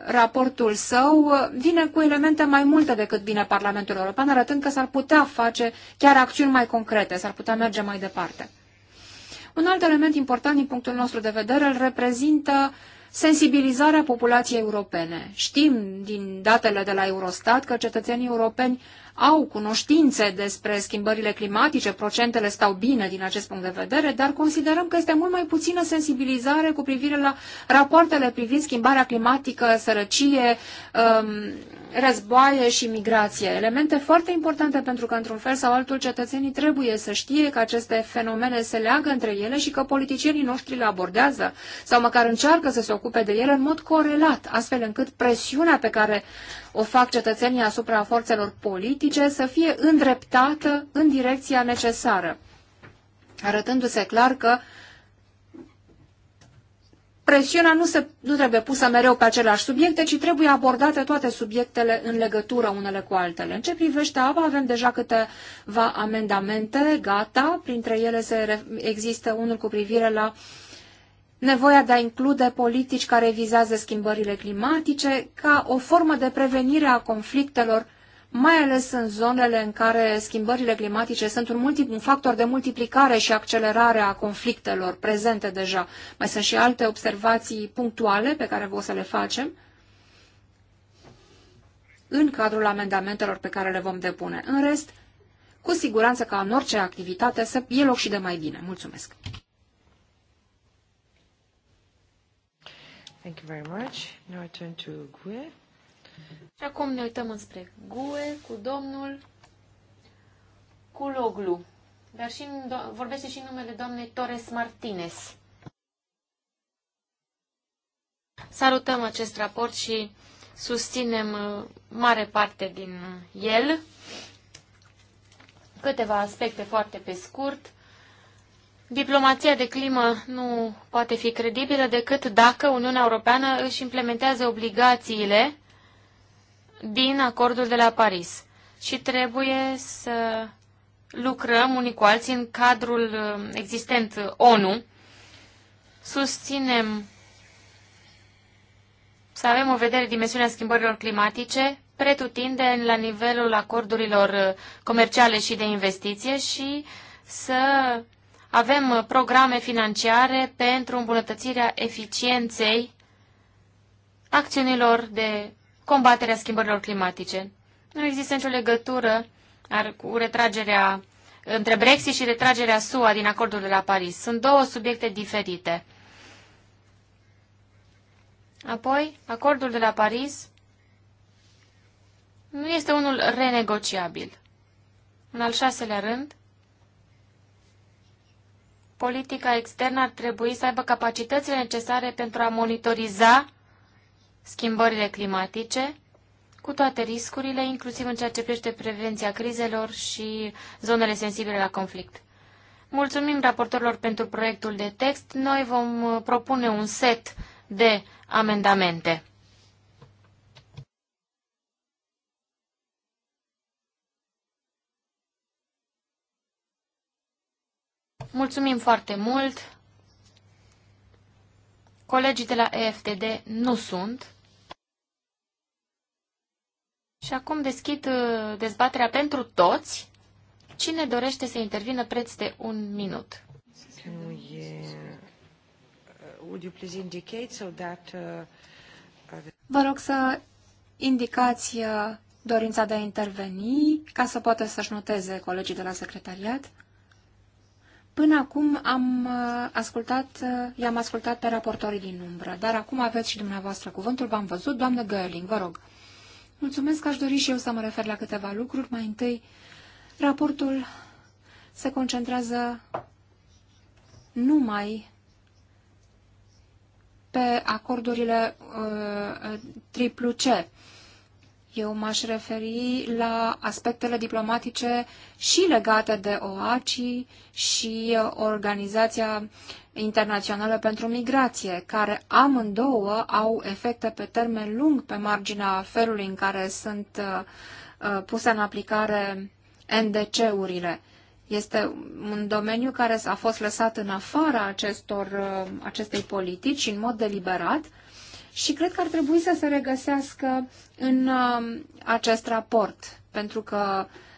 raportul său vine cu elemente mai multe decât bine Parlamentul European, arătând că s-ar putea face chiar acțiuni mai concrete, s-ar putea merge mai departe. Un alt element important din punctul nostru de vedere îl reprezintă sensibilizarea populației europene. Știm din datele de la Eurostat că cetățenii europeni au cunoștințe despre schimbările climatice, procentele stau bine din acest punct de vedere, dar considerăm că este mult mai puțină sensibilizare cu privire la rapoartele privind schimbarea climatică, sărăcie, um, războaie și migrație. Elemente foarte importante pentru că, într-un fel sau altul, cetățenii trebuie să știe că aceste fenomene se leagă între ele și că politicienii noștri le abordează sau măcar încearcă să se ocupe de ele în mod corelat, astfel încât presiunea pe care o fac cetățenii asupra forțelor politice să fie îndreptată în direcția necesară, arătându-se clar că presiunea nu, se, nu trebuie pusă mereu pe aceleași subiecte, ci trebuie abordate toate subiectele în legătură unele cu altele. În ce privește apa, avem deja câteva amendamente gata, printre ele se, există unul cu privire la uh, nevoia de a include politici care vizează schimbările climatice ca o formă de prevenire a conflictelor, mai ales în zonele în care schimbările climatice sunt un, multi, un factor de multiplicare și accelerare a conflictelor prezente deja. Mai sunt și alte observații punctuale pe care vă o să le facem în cadrul amendamentelor pe care le vom depune. În rest, cu siguranță ca în orice activitate să e loc și de mai bine. Mulțumesc! Thank you very much. Now I turn to GUE. Și acum ne uităm înspre GUE cu domnul Culoglu, dar și vorbește și numele doamnei Torres Martinez. Salutăm acest raport și susținem uh, mare parte din el. Câteva aspecte foarte pe scurt. Diplomația de climă nu poate fi credibilă decât dacă Uniunea Europeană își implementează obligațiile din acordul de la Paris și trebuie să lucrăm unii cu alții în cadrul uh, existent ONU. Susținem să avem o vedere dimensiunea schimbărilor climatice pretutindeni la nivelul acordurilor uh, comerciale și de investiție și să avem uh, programe financiare pentru îmbunătățirea eficienței acțiunilor de combatere a schimbărilor climatice. Nu există nicio legătură cu retragerea între Brexit și retragerea SUA din acordul de la Paris. Sunt două subiecte diferite. Apoi, acordul de la Paris nu este unul renegociabil. În al șaselea rând, politica externă ar trebui să aibă capacitățile necesare pentru a monitoriza schimbările climatice, cu toate riscurile, inclusiv în ceea ce privește prevenția crizelor și zonele sensibile la conflict. Mulțumim raportorilor pentru proiectul de text. Noi vom uh, propune un set de amendamente. Mulțumim foarte mult. Colegii de la EFTD nu sunt. Și acum deschid uh, dezbaterea pentru toți. Cine dorește să intervină preț de un minut? Uh, uh, Vă rog să indicați dorința de a interveni ca să poată să-și noteze colegii de la secretariat. Până acum am uh, ascultat, uh, i-am ascultat pe raportorii din umbră, dar acum aveți și dumneavoastră cuvântul, v-am văzut, doamnă Gerling, vă rog. Mulțumesc, că aș dori și eu să mă refer la câteva lucruri. Mai întâi, raportul se concentrează numai pe acordurile uh, uh triplu C eu m-aș referi la aspectele diplomatice și legate de OACI și uh, Organizația Internațională pentru Migrație, care amândouă au efecte pe termen lung pe marginea felului în care sunt uh, uh, puse în aplicare NDC-urile. Este un domeniu care a fost lăsat în afara acestor, acestei politici în mod deliberat și cred că ar trebui să se regăsească în um, acest raport, pentru că uh,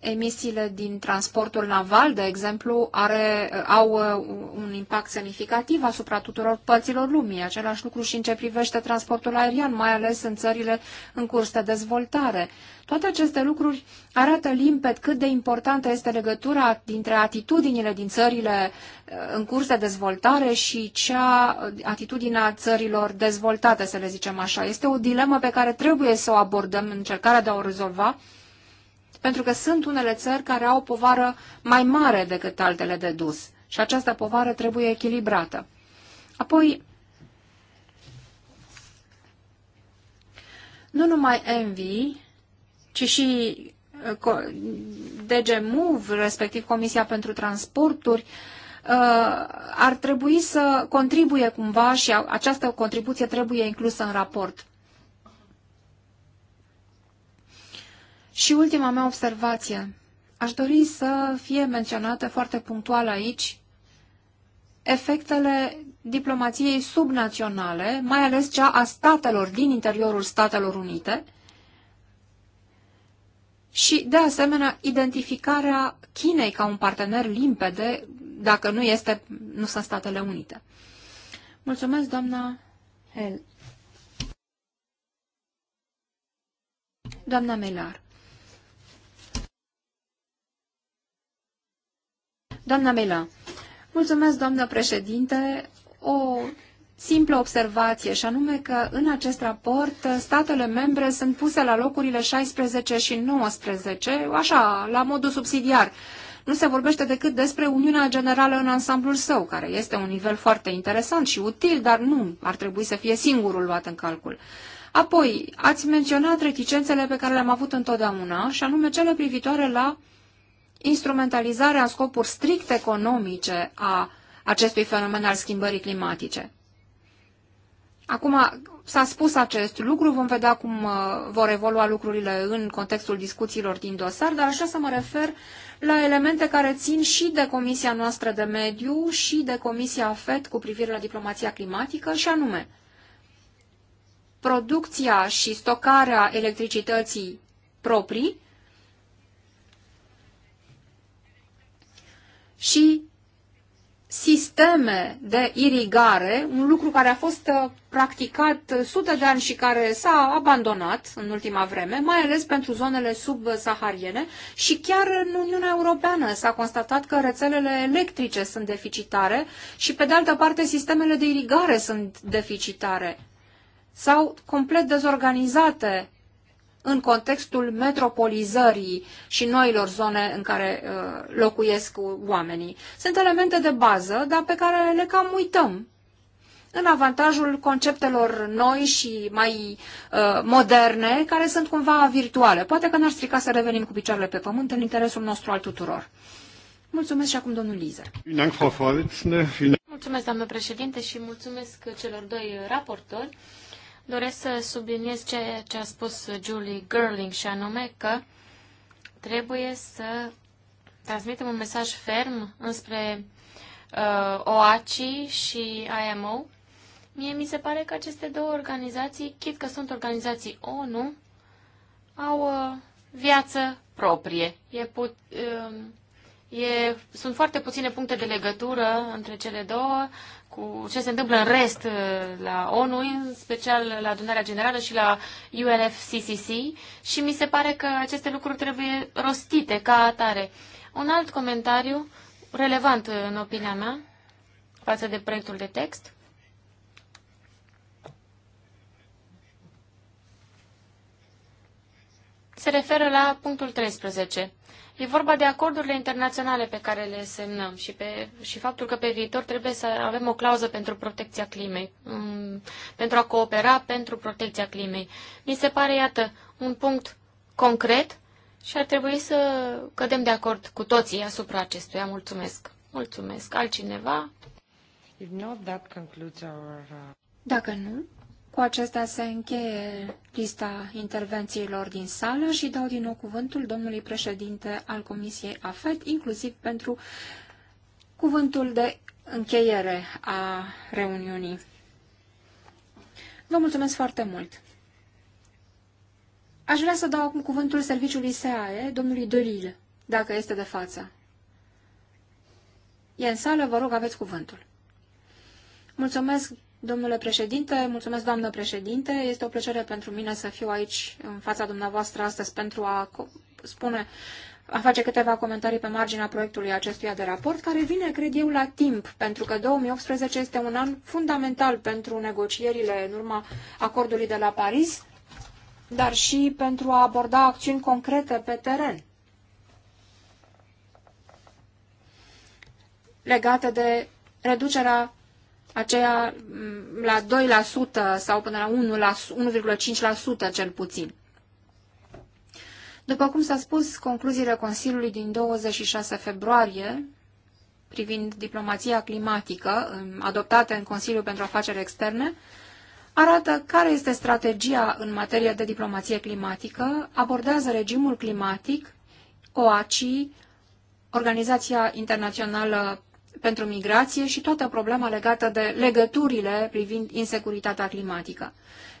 emisiile din transportul naval, de exemplu, are, au uh, un impact semnificativ asupra tuturor părților lumii. Același lucru și în ce privește transportul aerian, mai ales în țările în curs de dezvoltare. Toate aceste lucruri arată limpet cât de importantă este legătura dintre atitudinile din țările uh, în curs de dezvoltare și cea uh, atitudinea țărilor dezvoltate, să le zicem așa. Este o dilemă pe care trebuie să o abordăm în încercarea de a o rezolva pentru că sunt unele țări care au o povară mai mare decât altele de dus și această povară trebuie echilibrată. Apoi, nu numai Envy, ci și uh, DG Move, respectiv Comisia pentru Transporturi, uh, ar trebui să contribuie cumva și această contribuție trebuie inclusă în raport. Și ultima mea observație. Aș dori să fie menționată foarte punctual aici efectele diplomației subnaționale, mai ales cea a statelor din interiorul Statelor Unite, și, de asemenea, identificarea Chinei ca un partener limpede, dacă nu, este, nu sunt Statele Unite. Mulțumesc, doamna Hel. Doamna Melar. Doamna Mela, mulțumesc, doamnă președinte. O simplă observație, și anume că în acest raport statele membre sunt puse la locurile 16 și 19, așa, la modul subsidiar. Nu se vorbește decât despre Uniunea Generală în ansamblul său, care este un nivel foarte interesant și util, dar nu ar trebui să fie singurul luat în calcul. Apoi, ați menționat reticențele pe care le-am avut întotdeauna, și anume cele privitoare la uh, instrumentalizarea în scopuri strict economice a acestui fenomen al schimbării climatice. Acum s-a spus acest lucru, vom vedea cum uh, vor evolua lucrurile în contextul discuțiilor din dosar, dar așa să mă refer la elemente care țin și de Comisia noastră de mediu și de Comisia FED cu privire la diplomația climatică și anume producția și stocarea electricității proprii și sisteme de irigare, un lucru care a fost uh, practicat uh, sute de ani și care s-a abandonat în ultima vreme, mai ales pentru zonele subsahariene și chiar în Uniunea Europeană s-a constatat că rețelele electrice sunt deficitare și, pe de altă parte, sistemele de irigare sunt deficitare sau complet dezorganizate în contextul metropolizării și noilor zone în care uh, locuiesc oamenii. Sunt elemente de bază, dar pe care le cam uităm în avantajul conceptelor noi și mai uh, moderne, care sunt cumva virtuale. Poate că n-ar strica să revenim cu picioarele pe pământ în interesul nostru al tuturor. Mulțumesc și acum domnul Lizer. Mulțumesc, doamnă președinte, și mulțumesc celor doi raportori doresc să subliniez ceea ce a spus Julie Gerling și anume că trebuie să transmitem un mesaj ferm înspre uh, OACI și IMO. Mie mi se pare că aceste două organizații, chit că sunt organizații ONU, au uh, viață proprie. E put, uh, E, sunt foarte puține puncte de legătură între cele două cu ce se întâmplă în rest uh, la ONU, în special la adunarea generală și la UNFCCC și mi se pare că aceste lucruri trebuie rostite ca atare. Un alt comentariu relevant în opinia mea față de proiectul de text. Se referă la punctul 13. E vorba de acordurile internaționale pe care le semnăm și, pe, și faptul că pe viitor trebuie să avem o clauză pentru protecția climei, um, pentru a coopera pentru protecția climei. Mi se pare, iată, un punct concret și ar trebui să cădem de acord cu toții asupra acestuia. Mulțumesc. Mulțumesc. Altcineva? Uh, Dacă nu, cu acestea se încheie lista intervențiilor din sală și dau din nou cuvântul domnului președinte al Comisiei AFET, inclusiv pentru cuvântul de încheiere a reuniunii. Vă mulțumesc foarte mult! Aș vrea să dau acum cuvântul serviciului SAE, domnului Doril, dacă este de față. E în sală, vă rog, aveți cuvântul. Mulțumesc, Domnule președinte, mulțumesc, doamnă președinte. Este o plăcere pentru mine să fiu aici, în fața dumneavoastră, astăzi, pentru a spune, a face câteva comentarii pe marginea proiectului acestuia de raport, care vine, cred eu, la timp, pentru că 2018 este un an fundamental pentru negocierile în urma acordului de la Paris, dar și pentru a aborda acțiuni concrete pe teren. legate de reducerea aceea mm, la 2% sau până la 1,5% cel puțin. După cum s-a spus, concluziile Consiliului din 26 februarie privind diplomația climatică adoptate în Consiliul pentru Afaceri Externe arată care este strategia în materie de diplomație climatică, abordează regimul climatic, OACI, Organizația Internațională pentru migrație și toată problema legată de legăturile privind insecuritatea climatică.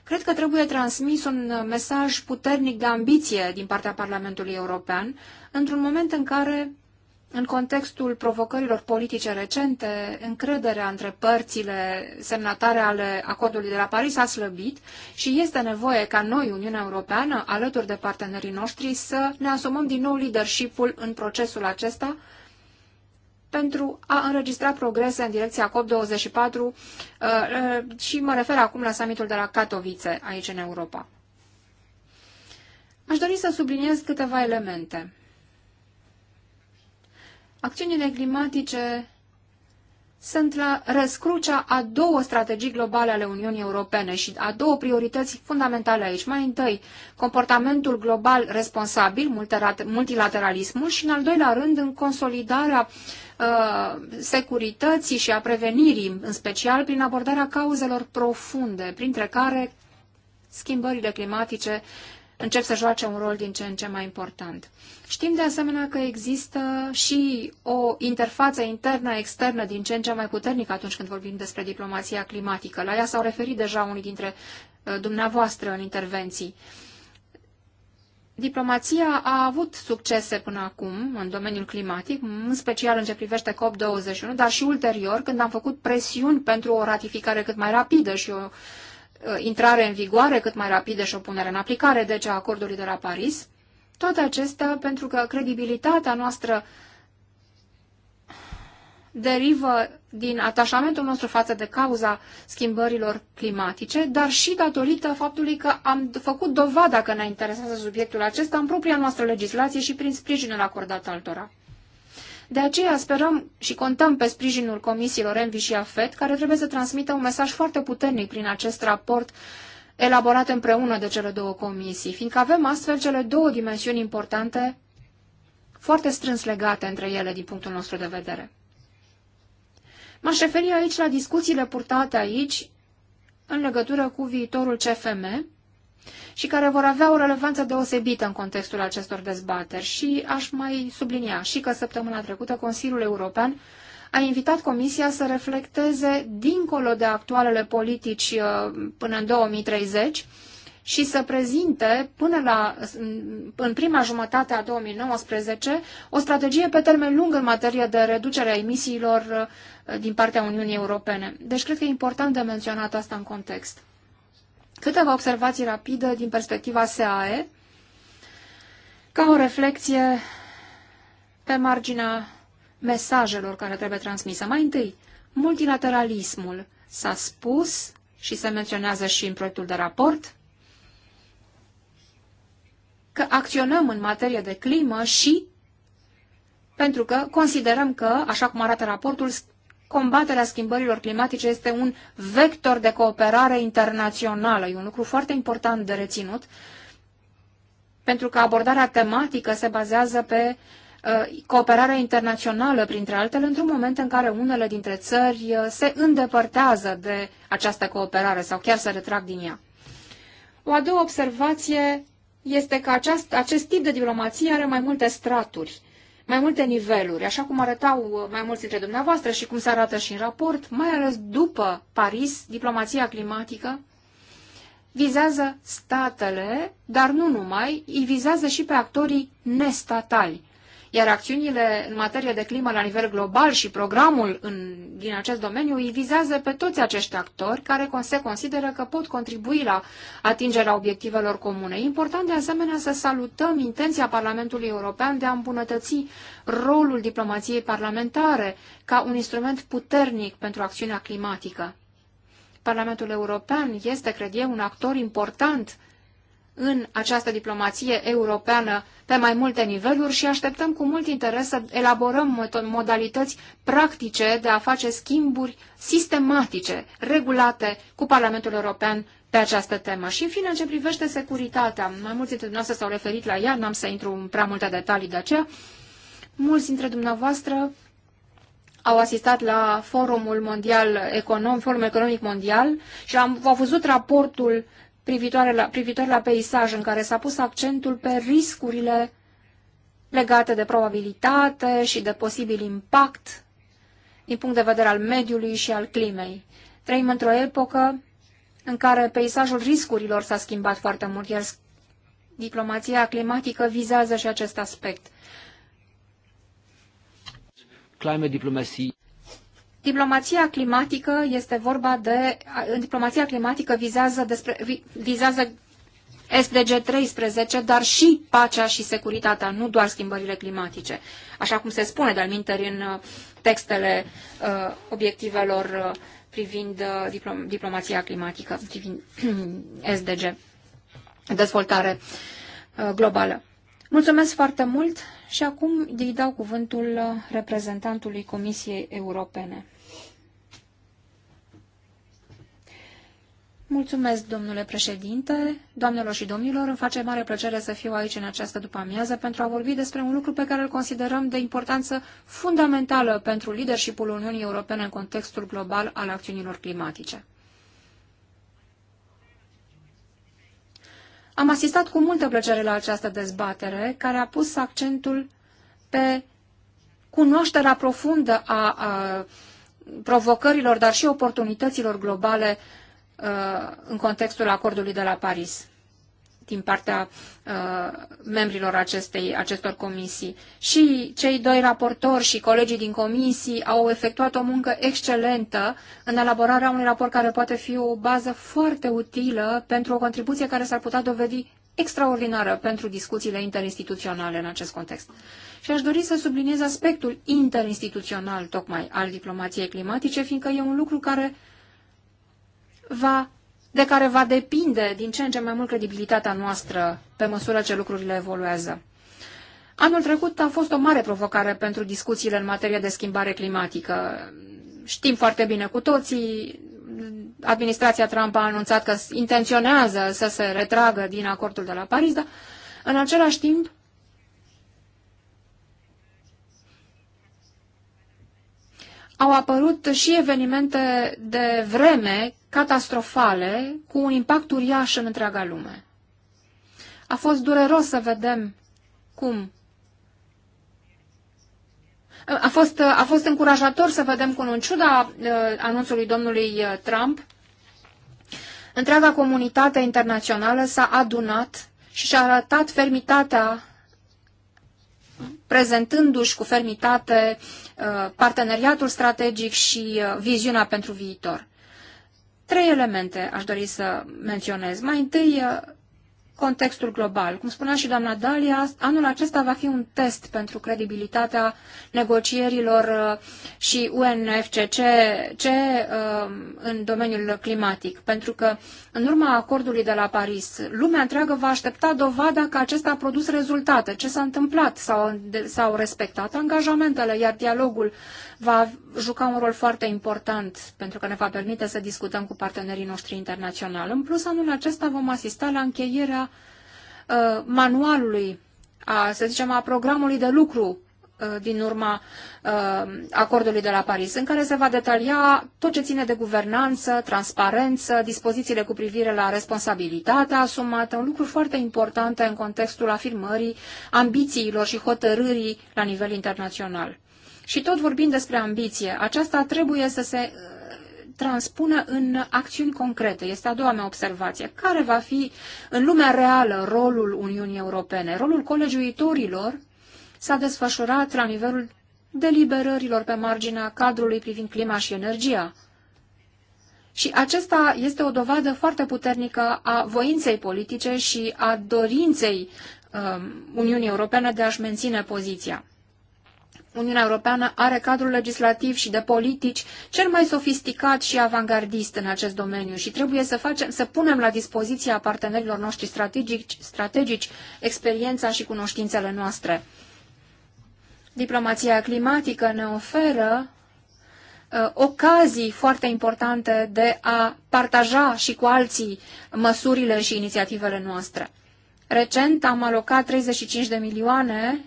Cred că trebuie transmis un mesaj puternic de ambiție din partea Parlamentului European, într-un moment în care, în contextul provocărilor politice recente, încrederea între părțile semnatare ale acordului de la Paris a slăbit și este nevoie ca noi, Uniunea Europeană, alături de partenerii noștri, să ne asumăm din nou leadership în procesul acesta, pentru a înregistra progrese în direcția COP24 uh, uh, și mă refer acum la summitul de la Katowice, aici în Europa. Aș dori să subliniez câteva elemente. Acțiunile climatice sunt la răscrucea a două strategii globale ale Uniunii Europene și a două priorități fundamentale aici. Mai întâi, comportamentul global responsabil, multilateralismul și, în al doilea rând, în consolidarea uh, securității și a prevenirii, în special prin abordarea cauzelor profunde, printre care schimbările climatice încep să joace un rol din ce în ce mai important. Știm de asemenea că există și o interfață internă-externă din ce în ce mai puternică atunci când vorbim despre diplomația climatică. La ea s-au referit deja unii dintre uh, dumneavoastră în intervenții. Diplomația a avut succese până acum în domeniul climatic, în special în ce privește COP21, dar și ulterior, când am făcut presiuni pentru o ratificare cât mai rapidă și o Uh, intrare în vigoare cât mai rapidă și o punere în aplicare, deci a acordului de la Paris. Toate acestea pentru că credibilitatea noastră derivă din atașamentul nostru față de cauza schimbărilor climatice, dar și datorită faptului că am făcut dovada că ne interesează subiectul acesta în propria noastră legislație și prin sprijinul acordat altora. De aceea sperăm și contăm pe sprijinul comisiilor Envi și AFET, care trebuie să transmită un mesaj foarte puternic prin acest raport elaborat împreună de cele două comisii, fiindcă avem astfel cele două dimensiuni importante foarte strâns legate între ele din punctul nostru de vedere. M-aș referi aici la discuțiile purtate aici în legătură cu viitorul CFM, și care vor avea o relevanță deosebită în contextul acestor dezbateri. Și aș mai sublinia și că săptămâna trecută Consiliul European a invitat Comisia să reflecteze dincolo de actualele politici uh, până în 2030 și să prezinte până la, în prima jumătate a 2019 o strategie pe termen lung în materie de reducere a emisiilor uh, din partea Uniunii Europene. Deci cred că e important de menționat asta în context. Câteva observații rapide din perspectiva SAE, ca o reflexie pe marginea mesajelor care trebuie transmise. Mai întâi, multilateralismul s-a spus și se menționează și în proiectul de raport, că acționăm în materie de climă și pentru că considerăm că, așa cum arată raportul, combaterea schimbărilor climatice este un vector de cooperare internațională. E un lucru foarte important de reținut, pentru că abordarea tematică se bazează pe uh, cooperarea internațională, printre altele, într-un moment în care unele dintre țări uh, se îndepărtează de această cooperare sau chiar se retrag din ea. O a doua observație este că aceast, acest tip de diplomație are mai multe straturi mai multe niveluri, așa cum arătau uh, mai mulți dintre dumneavoastră și cum se arată și în raport, mai ales după Paris, diplomația climatică vizează statele, dar nu numai, îi vizează și pe actorii nestatali iar acțiunile în materie de climă la nivel global și programul în, din acest domeniu îi vizează pe toți acești actori care se consideră că pot contribui la atingerea obiectivelor comune. E important de asemenea să salutăm intenția Parlamentului European de a îmbunătăți rolul diplomației parlamentare ca un instrument puternic pentru acțiunea climatică. Parlamentul European este, cred eu, un actor important în această diplomație europeană pe mai multe niveluri și așteptăm cu mult interes să elaborăm modalități practice de a face schimburi sistematice, regulate cu Parlamentul European pe această temă. Și în fine, în ce privește securitatea, mai mulți dintre dumneavoastră s-au referit la ea, n-am să intru în prea multe detalii de aceea, mulți dintre dumneavoastră au asistat la Forumul Mondial Econom, Forum Economic Mondial și am, au văzut raportul privitoare la, privitor la peisaj, în care s-a pus accentul pe riscurile legate de probabilitate și de posibil impact din punct de vedere al mediului și al climei. Trăim într-o epocă în care peisajul riscurilor s-a schimbat foarte mult, iar diplomația climatică vizează și acest aspect. Climate diplomacy Diplomația climatică este vorba de... Diplomația climatică vizează, despre, vizează SDG 13, dar și pacea și securitatea, nu doar schimbările climatice. Așa cum se spune de-al în uh, textele uh, obiectivelor uh, privind uh, diplom diplomația climatică, privind SDG, (clears throat) dezvoltare uh, globală. Mulțumesc foarte mult! Și acum îi dau cuvântul uh, reprezentantului Comisiei Europene. Mulțumesc, domnule președinte, doamnelor și domnilor, îmi face mare plăcere să fiu aici în această după-amiază pentru a vorbi despre un lucru pe care îl considerăm de importanță fundamentală pentru leadership-ul Uniunii Europene în contextul global al acțiunilor climatice. Am asistat cu multă plăcere la această dezbatere, care a pus accentul pe cunoașterea profundă a, a provocărilor, dar și oportunităților globale a, uh, în contextul acordului de la Paris din partea uh, membrilor acestei, acestor comisii. Și cei doi raportori și colegii din comisii au efectuat o muncă excelentă în elaborarea unui raport care poate fi o bază foarte utilă pentru o contribuție care s-ar putea dovedi extraordinară pentru discuțiile interinstituționale în acest context. Și aș dori să subliniez aspectul interinstituțional tocmai al diplomației climatice, fiindcă e un lucru care va de care va depinde din ce în ce mai mult credibilitatea noastră pe măsură ce lucrurile evoluează. Anul trecut a fost o mare provocare pentru discuțiile în materie de schimbare climatică. Știm foarte bine cu toții, administrația Trump a anunțat că intenționează să se retragă din acordul de la Paris, dar în același timp au apărut și evenimente de vreme catastrofale cu un impact uriaș în întreaga lume. A fost dureros să vedem cum. A fost, a fost încurajator să vedem cum, în ciuda uh, anunțului domnului uh, Trump, întreaga comunitate internațională s-a adunat și și-a arătat fermitatea prezentându-și cu fermitate Uh, parteneriatul strategic și uh, viziunea pentru viitor. Trei elemente aș dori să menționez. Mai întâi, uh, contextul global. Cum spunea și doamna Dalia, anul acesta va fi un test pentru credibilitatea negocierilor uh, și ce uh, în domeniul climatic, pentru că în urma acordului de la Paris, lumea întreagă va aștepta dovada că acesta a produs rezultate, ce s-a întâmplat, s-au respectat angajamentele, iar dialogul va juca un rol foarte important pentru că ne va permite să discutăm cu partenerii noștri internaționali. În plus, anul acesta vom asista la încheierea Uh, manualului, a, să zicem, a programului de lucru uh, din urma uh, acordului de la Paris, în care se va detalia tot ce ține de guvernanță, transparență, dispozițiile cu privire la responsabilitatea asumată, un lucru foarte important în contextul afirmării ambițiilor și hotărârii la nivel internațional. Și tot vorbind despre ambiție, aceasta trebuie să se transpună în acțiuni concrete. Este a doua mea observație. Care va fi în lumea reală rolul Uniunii Europene? Rolul colegiuitorilor s-a desfășurat la nivelul deliberărilor pe marginea cadrului privind clima și energia. Și acesta este o dovadă foarte puternică a voinței politice și a dorinței um, Uniunii Europene de a-și menține poziția. Uniunea Europeană are cadrul legislativ și de politici cel mai sofisticat și avangardist în acest domeniu și trebuie să, facem, să punem la dispoziția partenerilor noștri strategici, strategici experiența și cunoștințele noastre. Diplomația climatică ne oferă uh, ocazii foarte importante de a partaja și cu alții măsurile și inițiativele noastre. Recent am alocat 35 de milioane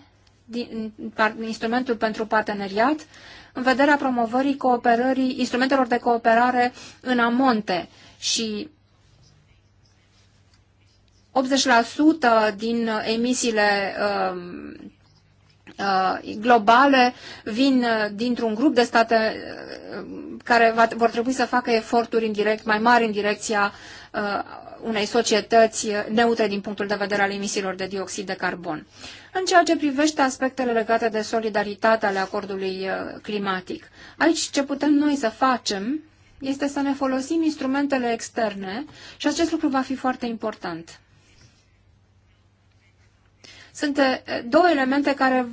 instrumentul pentru parteneriat în vederea promovării cooperării, instrumentelor de cooperare în amonte și 80% din emisiile um, Uh, globale vin uh, dintr-un grup de state uh, care va, vor trebui să facă eforturi în direct, mai mari în direcția unei societăți neutre din punctul de vedere al emisiilor de dioxid de carbon. În ceea ce privește aspectele legate de solidaritate ale acordului climatic, aici ce putem noi să facem este să ne folosim instrumentele externe și acest lucru va fi foarte important. Sunt eh, două elemente care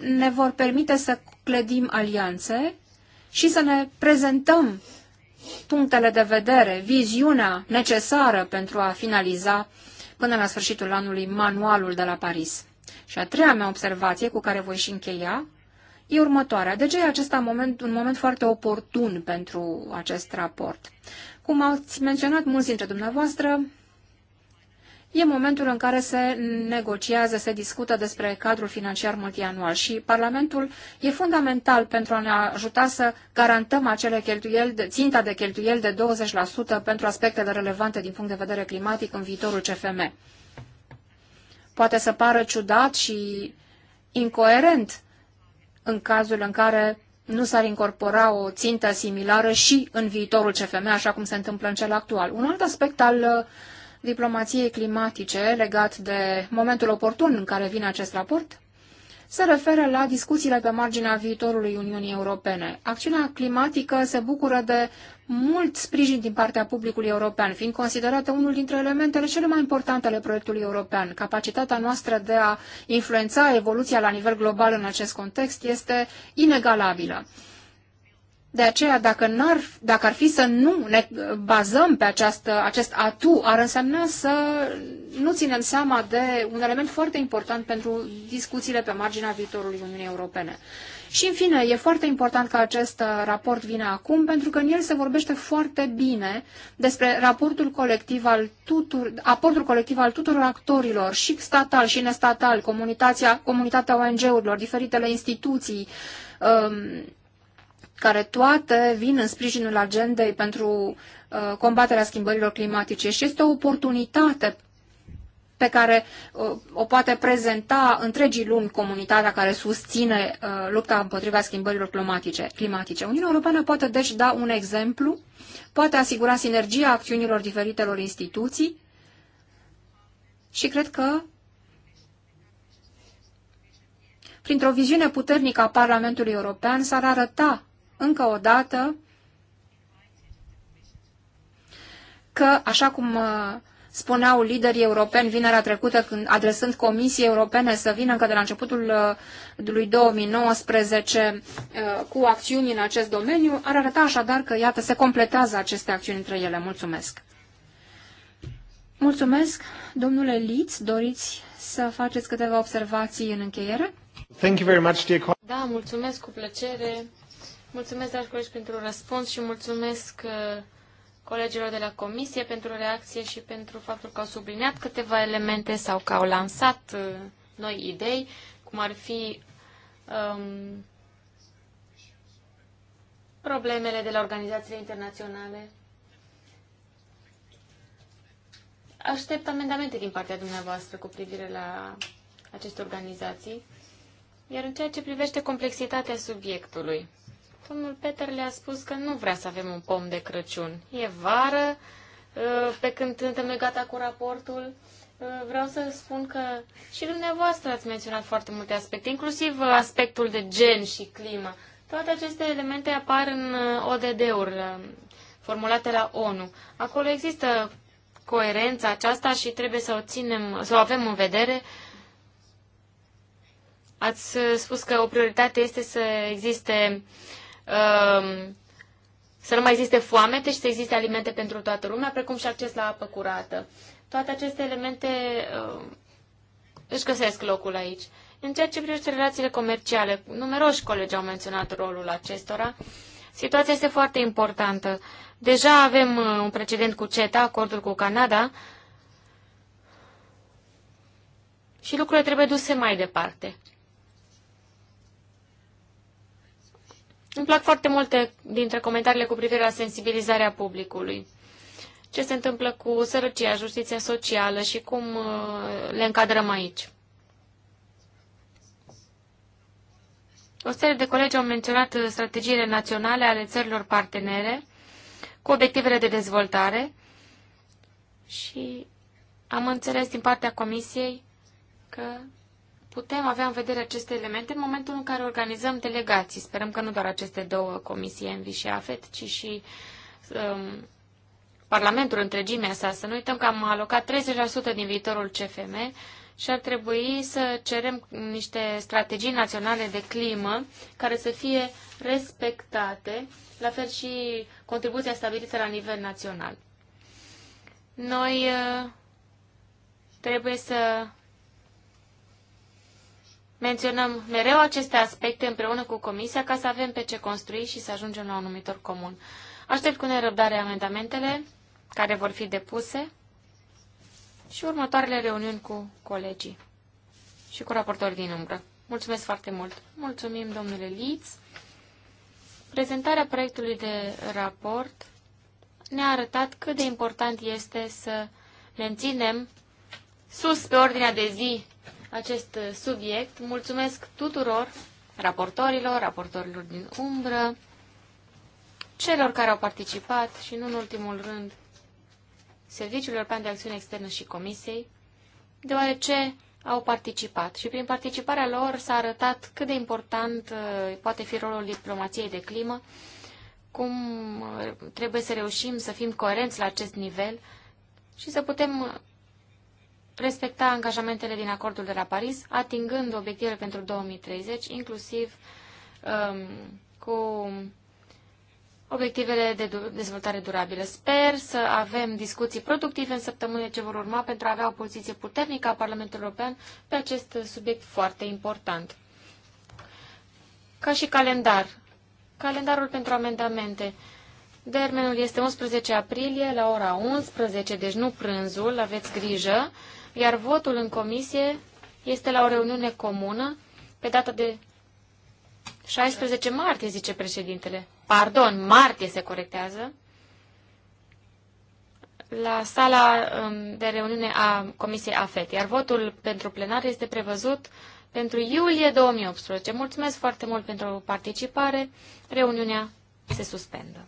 ne vor permite să clădim alianțe și să ne prezentăm punctele de vedere, viziunea necesară pentru a finaliza până la sfârșitul anului manualul de la Paris. Și a treia mea observație cu care voi și încheia e următoarea. De ce e acesta moment, un moment foarte oportun pentru acest raport? Cum ați menționat mulți dintre dumneavoastră, E momentul în care se negociază, se discută despre cadrul financiar multianual și Parlamentul e fundamental pentru a ne ajuta să garantăm acele cheltuieli, ținta de cheltuieli de 20% pentru aspectele relevante din punct de vedere climatic în viitorul CFM. Poate să pară ciudat și incoerent în cazul în care nu s-ar incorpora o țintă similară și în viitorul CFM, așa cum se întâmplă în cel actual. Un alt aspect al uh, diplomației climatice legat de momentul oportun în care vine acest raport se referă la discuțiile pe marginea viitorului Uniunii Europene. Acțiunea climatică se bucură de mult sprijin din partea publicului european, fiind considerată unul dintre elementele cele mai importante ale proiectului european. Capacitatea noastră de a influența evoluția la nivel global în acest context este inegalabilă. De aceea, dacă, n-ar, dacă ar fi să nu ne bazăm pe această, acest atu, ar însemna să nu ținem seama de un element foarte important pentru discuțiile pe marginea viitorului Uniunii Europene. Și, în fine, e foarte important că acest uh, raport vine acum, pentru că în el se vorbește foarte bine despre raportul colectiv al tutur, aportul colectiv al tuturor actorilor, și statal și nestatal, comunitatea, comunitatea ONG-urilor, diferitele instituții, um, care toate vin în sprijinul agendei pentru uh, combaterea schimbărilor climatice și este o oportunitate pe care uh, o poate prezenta întregii luni comunitatea care susține uh, lupta împotriva schimbărilor climatice. climatice. Uniunea Europeană poate deci da un exemplu, poate asigura sinergia acțiunilor diferitelor instituții și cred că printr-o viziune puternică a Parlamentului European s-ar arăta încă o dată că, așa cum uh, spuneau liderii europeni vinerea trecută, când adresând Comisiei Europene să vină încă de la începutul uh, lui 2019 uh, cu acțiuni în acest domeniu, ar arăta așadar că, iată, se completează aceste acțiuni între ele. Mulțumesc! Mulțumesc, domnule Liț, doriți să faceți câteva observații în încheiere? Thank you very much, dear... Da, mulțumesc cu plăcere. Mulțumesc, dragi colegi, pentru răspuns și mulțumesc uh, colegilor de la comisie pentru reacție și pentru faptul că au subliniat câteva elemente sau că au lansat uh, noi idei, cum ar fi um, problemele de la organizațiile internaționale. Aștept amendamente din partea dumneavoastră cu privire la aceste organizații. Iar în ceea ce privește complexitatea subiectului, Domnul Peter le-a spus că nu vrea să avem un pom de Crăciun. E vară, ă, pe când suntem noi gata cu raportul. Ă, vreau să spun că și dumneavoastră ați menționat foarte multe aspecte, inclusiv aspectul de gen și climă. Toate aceste elemente apar în ă, ODD-uri formulate la ONU. Acolo există coerența aceasta și trebuie să o, ținem, să o avem în vedere. Ați spus că o prioritate este să existe Ehm, să nu mai existe foamete și să existe alimente pentru toată lumea, precum și acces la apă curată. Toate aceste elemente ehm, își găsesc locul aici. În ceea ce privește relațiile comerciale, numeroși colegi au menționat rolul acestora. Situația este foarte importantă. Deja avem uh, un precedent cu CETA, acordul cu Canada, și lucrurile trebuie duse mai departe. Îmi plac foarte multe dintre comentariile cu privire la sensibilizarea publicului. Ce se întâmplă cu sărăcia, justiția socială și cum uh, le încadrăm aici. O serie de colegi au menționat uh, strategiile naționale ale țărilor partenere cu obiectivele de dezvoltare și am înțeles din partea Comisiei că putem avea în vedere aceste elemente în momentul în care organizăm delegații. Sperăm că nu doar aceste două comisii, Envi și AFET, ci și um, Parlamentul întregimea sa. Să nu uităm că am alocat 30% din viitorul CFM și ar trebui să cerem niște strategii naționale de climă care să fie respectate, la fel și contribuția stabilită la nivel național. Noi uh, trebuie să Menționăm mereu aceste aspecte împreună cu Comisia ca să avem pe ce construi și să ajungem la un numitor comun. Aștept cu nerăbdare amendamentele care vor fi depuse și următoarele reuniuni cu colegii și cu raportori din umbră. Mulțumesc foarte mult! Mulțumim, domnule Liț! Prezentarea proiectului de raport ne-a arătat cât de important este să menținem sus pe ordinea de zi acest subiect. Mulțumesc tuturor raportorilor, raportorilor din umbră, celor care au participat și, nu în ultimul rând, Serviciul European de Acțiune Externă și Comisiei, deoarece au participat și prin participarea lor s-a arătat cât de important uh, poate fi rolul diplomației de climă, cum uh, trebuie să reușim să fim coerenți la acest nivel și să putem respecta angajamentele din acordul de la Paris, atingând obiectivele pentru 2030, inclusiv um, cu obiectivele de dezvoltare durabilă. Sper să avem discuții productive în săptămânile ce vor urma pentru a avea o poziție puternică a Parlamentului European pe acest subiect foarte important. Ca și calendar. Calendarul pentru amendamente. Termenul este 11 aprilie la ora 11, deci nu prânzul, aveți grijă iar votul în comisie este la o reuniune comună pe data de 16 martie, zice președintele. Pardon, martie se corectează. La sala um, de reuniune a Comisiei AFET, iar votul pentru plenar este prevăzut pentru iulie 2018. Mulțumesc foarte mult pentru participare. Reuniunea se suspendă.